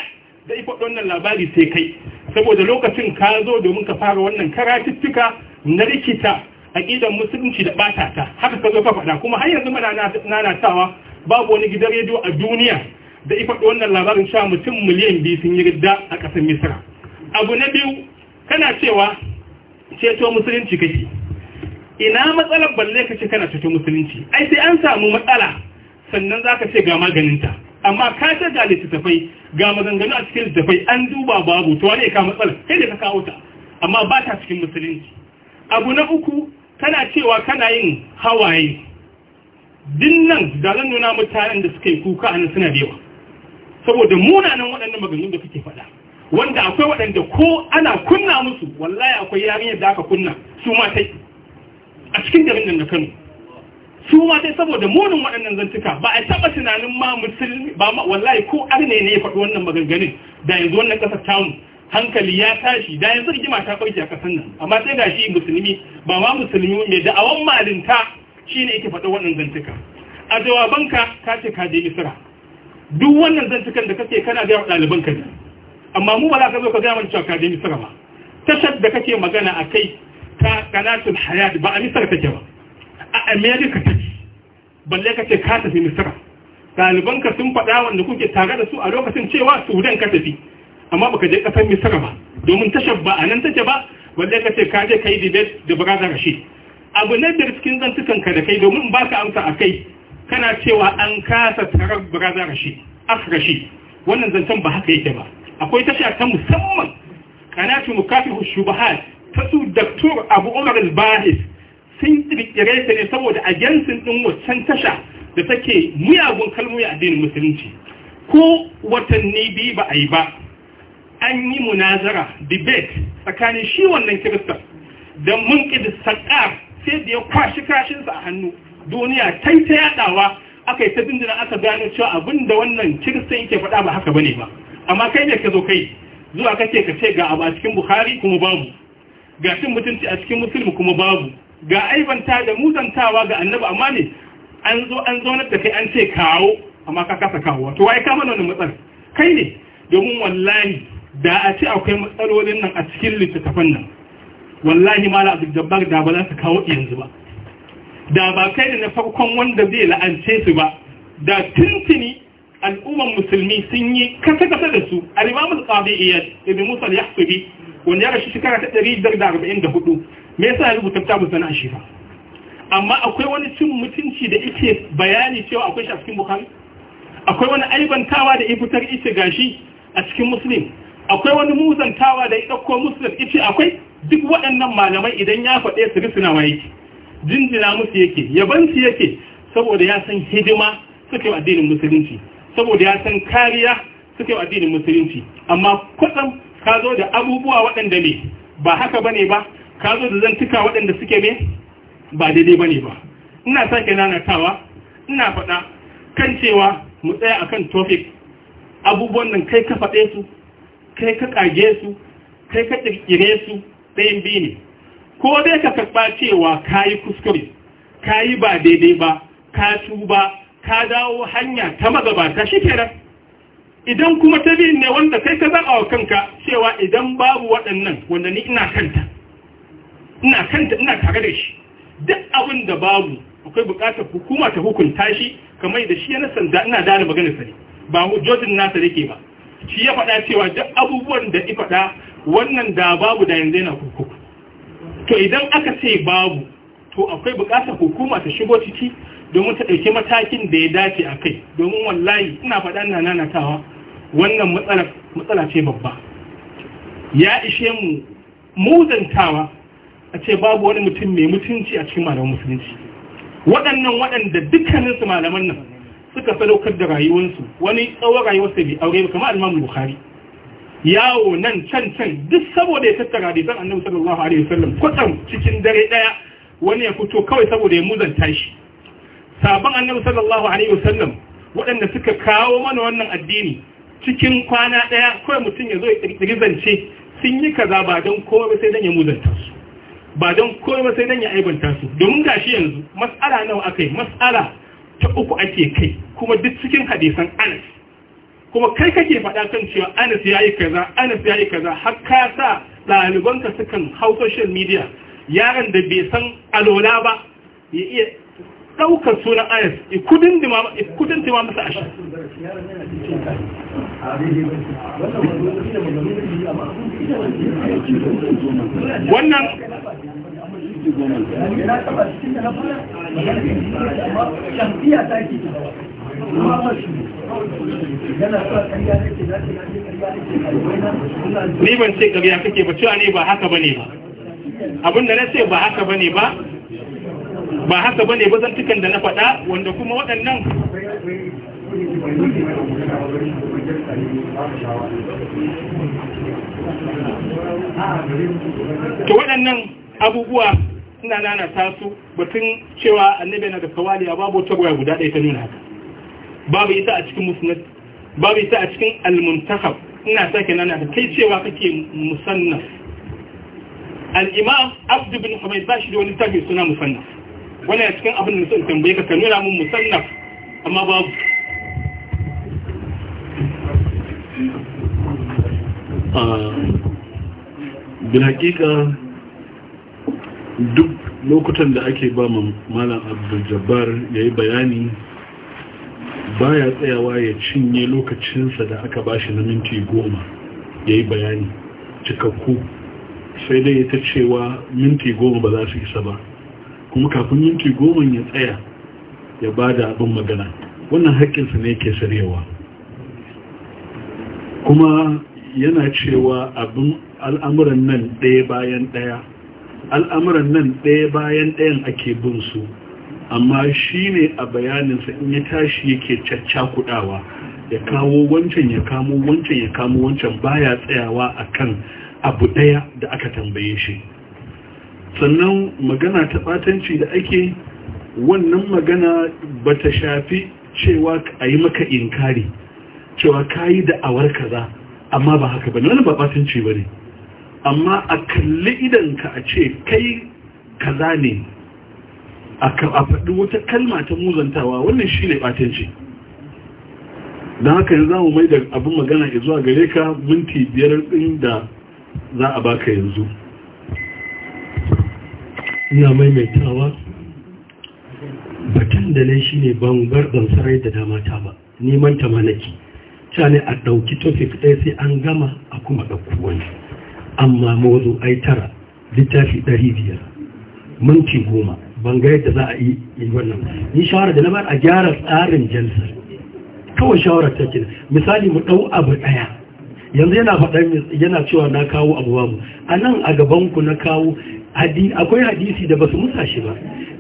da ifa wannan labari sai kai saboda lokacin ka zo domin ka fara wannan karatuttuka na rikita a idan musulunci da ɓata ta haka ka zo ka faɗa kuma har yanzu mana nanatawa babu wani gidan rediyo a duniya da ifa wannan labarin sha mutum miliyan biyu sun yi ridda a ƙasar misira abu na biyu kana cewa ceto musulunci kake ina matsalar balle kace kana ceto musulunci ai sai an samu matsala sannan za ka ce ga maganinta amma ka ce ga littattafai ga maganganu a cikin littattafai an duba babu to wane ka matsala sai da ka kawo ta amma ba ta cikin musulunci abu na uku kana cewa kana yin hawaye dinnan da zan nuna mutanen da suka yi kuka a nan suna da yawa saboda munanan waɗannan maganganun da kake faɗa wanda akwai waɗanda ko ana kunna musu wallahi akwai yarinyar da aka kunna su ma ta a cikin garin nan na Kano su ma dai saboda munin waɗannan zantuka ba a taɓa tunanin ma musulmi ba ma wallahi ko arne ne ya faɗi wannan maganganun da yanzu wannan ƙasar tamu hankali ya tashi da yanzu rigima ta ɓarke a ƙasar nan amma sai ga shi musulmi ba ma musulmi da da'awan malinta shi ne yake faɗi wannan zantuka a jawabanka ka ce ka je misira duk wannan zantukan da kake kana gaya wa ɗalibanka ne amma mu ba za ka zo ka gaya mana cewa ka je misira ba tashar da kake magana a kai ta kanatul hayati ba a misar take ba a america take balle ka ce ka tafi misira ɗalibanka sun faɗa wanda kuke tare da su a lokacin cewa sudan ka tafi amma baka je ƙasar misira ba domin tashar ba a nan take ba balle ka ce ka je ka yi debate da brother rashid abu na da cikin ka da kai domin ba ka amsa a kai kana cewa an kasa tarar brother rashid af rashid wannan zancen ba haka yake ba akwai tasha ta musamman kanatu mukafihu shubahat ta su daktur abu umar al-bahis sun kirkire ta ne saboda agensin ɗin wacan tasha da take muyagun kalmomi a addinin musulunci ko watanni biyu ba a yi ba an yi munazara debate tsakanin shi wannan kirista da mun sakar sai da ya kwashi kashinsa a hannu duniya ta ta yaɗawa aka yi ta dindina aka gano cewa abin da wannan kirista yake faɗa ba haka ba ne ba amma kai ne ka zo kai zuwa kake ka ce ga abu a cikin bukhari kuma babu ga cin mutunci a cikin musulmi kuma babu ga aibanta da muzantawa ga annabi amma ne an zo an zaunar da kai an ce kawo amma ka kasa kawo to wai ka mana wannan matsalar kai ne domin wallahi da a ce akwai matsalolin nan a cikin littattafan nan wallahi mala abdul jabbar da ba za ka kawo yanzu ba da ba kai ne na farkon wanda zai la'ance su ba da tuntuni al'umman musulmi sun yi kasa-kasa da su al-imam al-qadi iyad ibn musa yahsubi wanda ya rashi shekara ta 144 me yasa ya rubuta ta musana shi shifa amma akwai wani cin mutunci da yake bayani cewa akwai shi a cikin bukhari akwai wani aibantawa da ya fitar ita gashi a cikin muslim akwai wani muzantawa da ya ɗauko muslim ita akwai duk waɗannan malamai idan ya faɗe su na yake jinjina musu yake yabansu yake saboda ya san hidima suke wa addinin musulunci saboda ya san kariya suke wa addinin musulunci amma kwatsam ka zo da abubuwa waɗanda ne ba haka ba ne ba ka zo da zan zantuka waɗanda suke ne ba daidai ba ne ba ina sake nanatawa ina faɗa kan cewa mu tsaya a kan tofik, abubuwan nan kai ka faɗe su kai ka ƙage su kai ka ƙirƙire su ɗayan biyu ne ko dai ka karɓa cewa ka yi kuskure ka yi ba daidai ba ka tuba ka dawo hanya ta magabata shi kenan idan kuma ta biyu ne wanda kai ka zaɓa wa kanka cewa idan babu waɗannan wanda ni ina kanta ina kanta ina tare da shi duk abin da babu akwai bukatar hukuma ta hukunta shi kamar da shi ya yana sanda ina da maganar sa ne ba hujjojin nasa yake ba shi ya faɗa cewa duk abubuwan da ya faɗa wannan da babu da yanzu yana kurkuku to idan aka ce babu to akwai bukatar hukuma ta shigo ciki domin ta ɗauki matakin da ya dace a kai domin wallahi ina faɗa na nanatawa wannan matsala ce babba ya ishe mu muzantawa a ce babu wani mutum mai mutunci a cikin malaman musulunci waɗannan waɗanda dukkaninsu malaman nan suka sadaukar da rayuwarsu wani tsawon rayuwarsa bai aure ba kamar alman bukari yawo nan can can duk saboda ya tattara da zan annabi sallallahu alaihi wasallam kwatsam cikin dare daya wani ya fito kawai saboda ya muzanta shi sabon annabi sallallahu alaihi wasallam waɗanda suka kawo mana wannan addini cikin kwana daya kawai mutum ya zo ya kirkiri zance sun yi kaza ba don kowa sai dan ya muzanta su ba don kowai sai nan ya aibanta su domin ga shi yanzu mas'ala nawa akai mas'ala ta uku ake kai kuma duk cikin hadisan Anas kuma kai kake faɗa kan cewa Anas ya yi kaza Anas ya yi kaza har ka sa ɗalibanka sukan hau social media yaran da bai san alola ba ya iya ɗaukar sunan ayas ikudin dima masa ashe wannan ni ban ce ƙarya kake ba cewa ne ba haka ba ne ba abinda na ce ba haka ba ne ba ba haka bane ba zantukan da na faɗa wanda kuma waɗannan to waɗannan abubuwa suna nana su batun cewa annabi na da kawali a babu wata gwaya guda ɗaya ta nuna haka babu ita a cikin musnad babu ita a cikin almuntakab ina sake nana kai cewa kake musannaf al-imam abdu bin ba bashi da wani tabi suna musannaf wani cikin abin da sun tambaye ka nuna mun musannaf amma babu a ah, binakika duk lokutan da ake ba malam abdul-jabbar ya yi bayani baya tsayawa ya cinye lokacinsa da aka bashi na minti goma ya yi bayani cikakku sai dai ta cewa minti goma ba za su isa ba kuma kafin yanki goma ya tsaya ya ba da abin magana wannan haƙƙinsa ne ke sarewa kuma yana cewa abin al'amuran nan ɗaya bayan ɗaya al'amuran nan ɗaya bayan ɗayan ake bin su amma shi ne a bayaninsa in ya tashi yake caccakudawa ya kawo wancan ya kamo wancan ya kamo wancan baya tsayawa akan abu ɗaya da aka tambaye shi sannan magana ta batanci da ake wannan magana ba ta shafi cewa a yi maka inkari cewa ka yi da'awar kaza amma ba haka ba wani ba batanci ba ne amma a kalli ka a ce kai kaza ne a faɗi wata kalma ta muzantawa wannan shi ne batanci don haka yanzu za mu mai da abin magana zuwa gare ka minti biyar ɗin da za a baka yanzu ina maimaitawa batun da na shi ne bangar gamsarai da damata ba neman ta manaki ta ne a ɗauki tofik ɗaya sai an gama a kuma ɗauku wani amma mawazo ai tara littafi ɗari biyar minti goma ban ga yadda za a yi wannan ni shawara da na bar a gyara tsarin jalsar kawai shawarar ta kina misali mu ɗau abu ɗaya yanzu yana faɗa yana cewa na kawo abu babu a nan a gabanku na kawo akwai hadisi da basu musa shi ba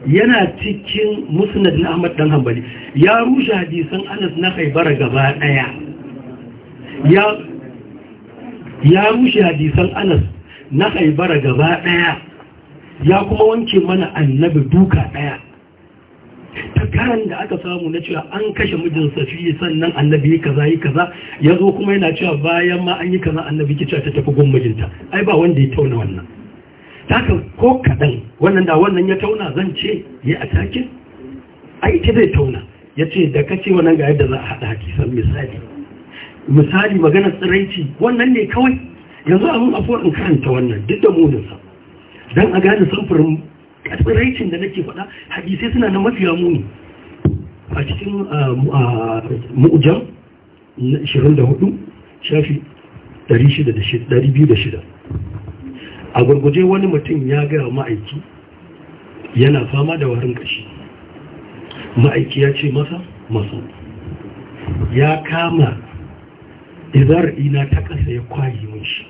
yana cikin musnad na Ahmad dan Hanbali ya rushe hadisan Anas na haibara gaba daya ya rushe hadisan Anas na gaba daya ya kuma wanke mana annabi duka daya karan da aka samu na cewa an kashe mijin safi sannan annabi yi kaza yi kaza ya zo kuma yana cewa bayan ma an yi kaza annabi ki ta tafi gun mijinta ai ba wanda ya tauna wannan takan ko kaɗan wannan da wannan ya tauna zan ce ya a takin aiki zai tauna ya ce da ka ce wannan ga yadda za a haɗa hadisan misali misali maganar tsiraici wannan ne kawai yanzu mun afuwar in karanta wannan duk da muninsa don a gane samfurin tsiraicin da nake faɗa hadisai suna na mafiya muni a cikin mu'ujan 24 shafi 206 a gurguje wani mutum ya gaya ma'aiki yana fama da warin kashi ma'aiki ya ce masa masu. ya kama izar ina ta ƙasa ya kwayi mun shi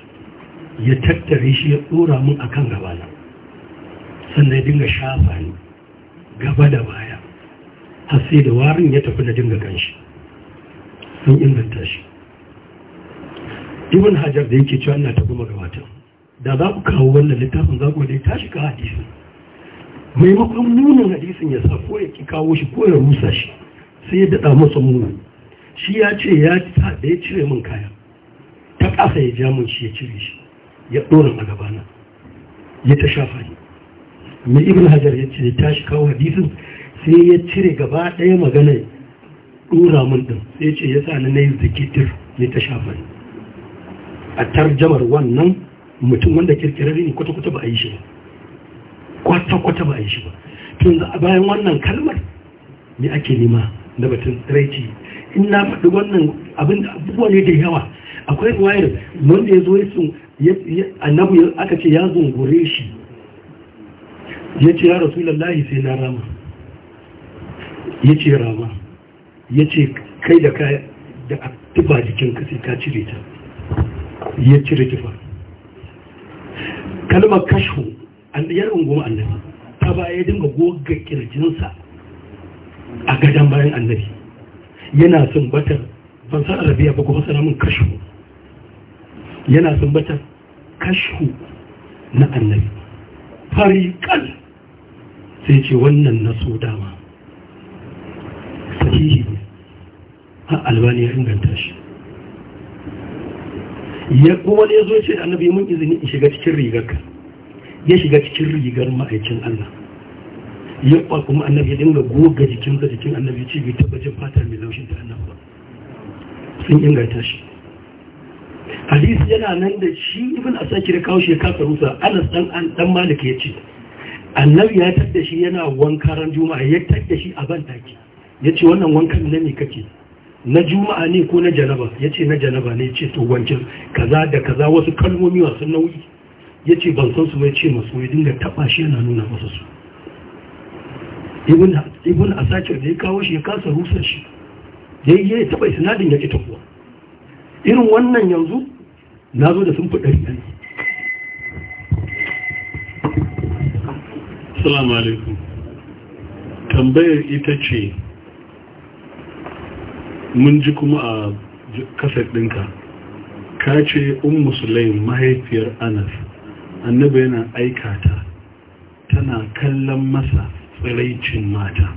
ya tattare shi ya tsora mun a kan gabana sannan ya dinga shafa ni gaba da baya har sai da warin ya tafi da dinga kan shi sun inganta shi ibn hajar da yake cewa ina tafi magabatan da za ku kawo wannan littafin za ku dai tashi ka hadisin maimakon nunin hadisin ya sa ko ya ki kawo shi ko ya rusa shi sai ya daɗa masa muna shi ya ce ya ta ya cire min kaya ta ƙasa ya ja min shi ya cire shi ya ɗora a gabana ya ta shafa ni mai ibn hajar ya ce ya tashi kawo hadisin sai ya cire gaba ɗaya magana ɗora min ɗin sai ce ya sa ni na yi zikitir ya ta shafa ni a tarjamar wannan mutum wanda kirkirarri ne kwata-kwata ba a yi shi ba kwata-kwata ba a yi shi ba tun za a bayan wannan kalmar ne ake nema na batun tsiraici in na faɗi wannan abin da abubuwa ne da yawa akwai wayar wanda ya zo ya sun annabu aka ce ya zungure shi ya ce ya rasu lallahi sai na rama ya ce rama ya ce kai da ka da tufa jikin sai ka cire ta ya cire tufa kalmar kashu an da yarin goma annabi ta baya ya dinga goga kirjinsa a gadon bayan annabi yana sumbatar ban san arabiya ba ko sana min kashu yana sumbatar kashu na annabi Farikal sai ce wannan na so dama sahihi ne a albani ya inganta shi ya kuma ne zo ce annabi mun izini in shiga cikin rigar ka ya shiga cikin rigar ma'aikin Allah ya kwa kuma annabi ya dinga goga ka jikin annabi ce bai taba jin fatar mai laushin da annabi ba sun inganta shi hadisi yana nan da shi ibn asakir kawo shi kasa rusa anas dan an dan malik ya ce annabi ya tadda shi yana wankaran juma'a ya tadda shi a ban taki ya ce wannan wankan ne kake na juma'a ne ko na janaba ya ce na janaba ne ce to wancan kaza da kaza wasu kalmomi wasu nauyi ya ce ban san su mai ce masu ya dinga taɓa shi yana nuna masu su ibn asakir da ya kawo shi ya kasa rusar shi da ya taɓa sinadin ya ƙi tafiya irin wannan yanzu na zo da sun fi ɗari ɗari salamu alaikum tambayar ita ce mun ji kuma a kaset ɗinka ka ce un musulai mahaifiyar anas annaba yana aikata tana kallon masa tsiraicin mata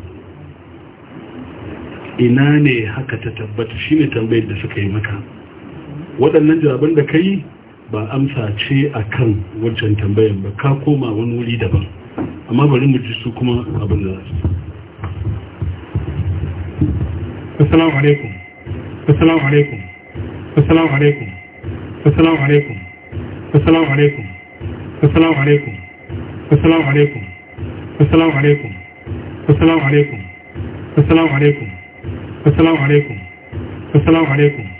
ina ne haka ta tabbata shine tambayar da suka yi maka waɗannan jawaban da ka yi ba amsa ce a kan wajen tambayar ba ka koma wani wuri daban amma bari mu ji su kuma abin da za su assalamu alaikum assalamu alaikum assalamu alaikum assalamu alaikum assalamu alaikum assalamu alaikum assalamu alaikum assalamu alaikum assalamu alaikum assalamu alaikum assalamu alaikum assalamu alaikum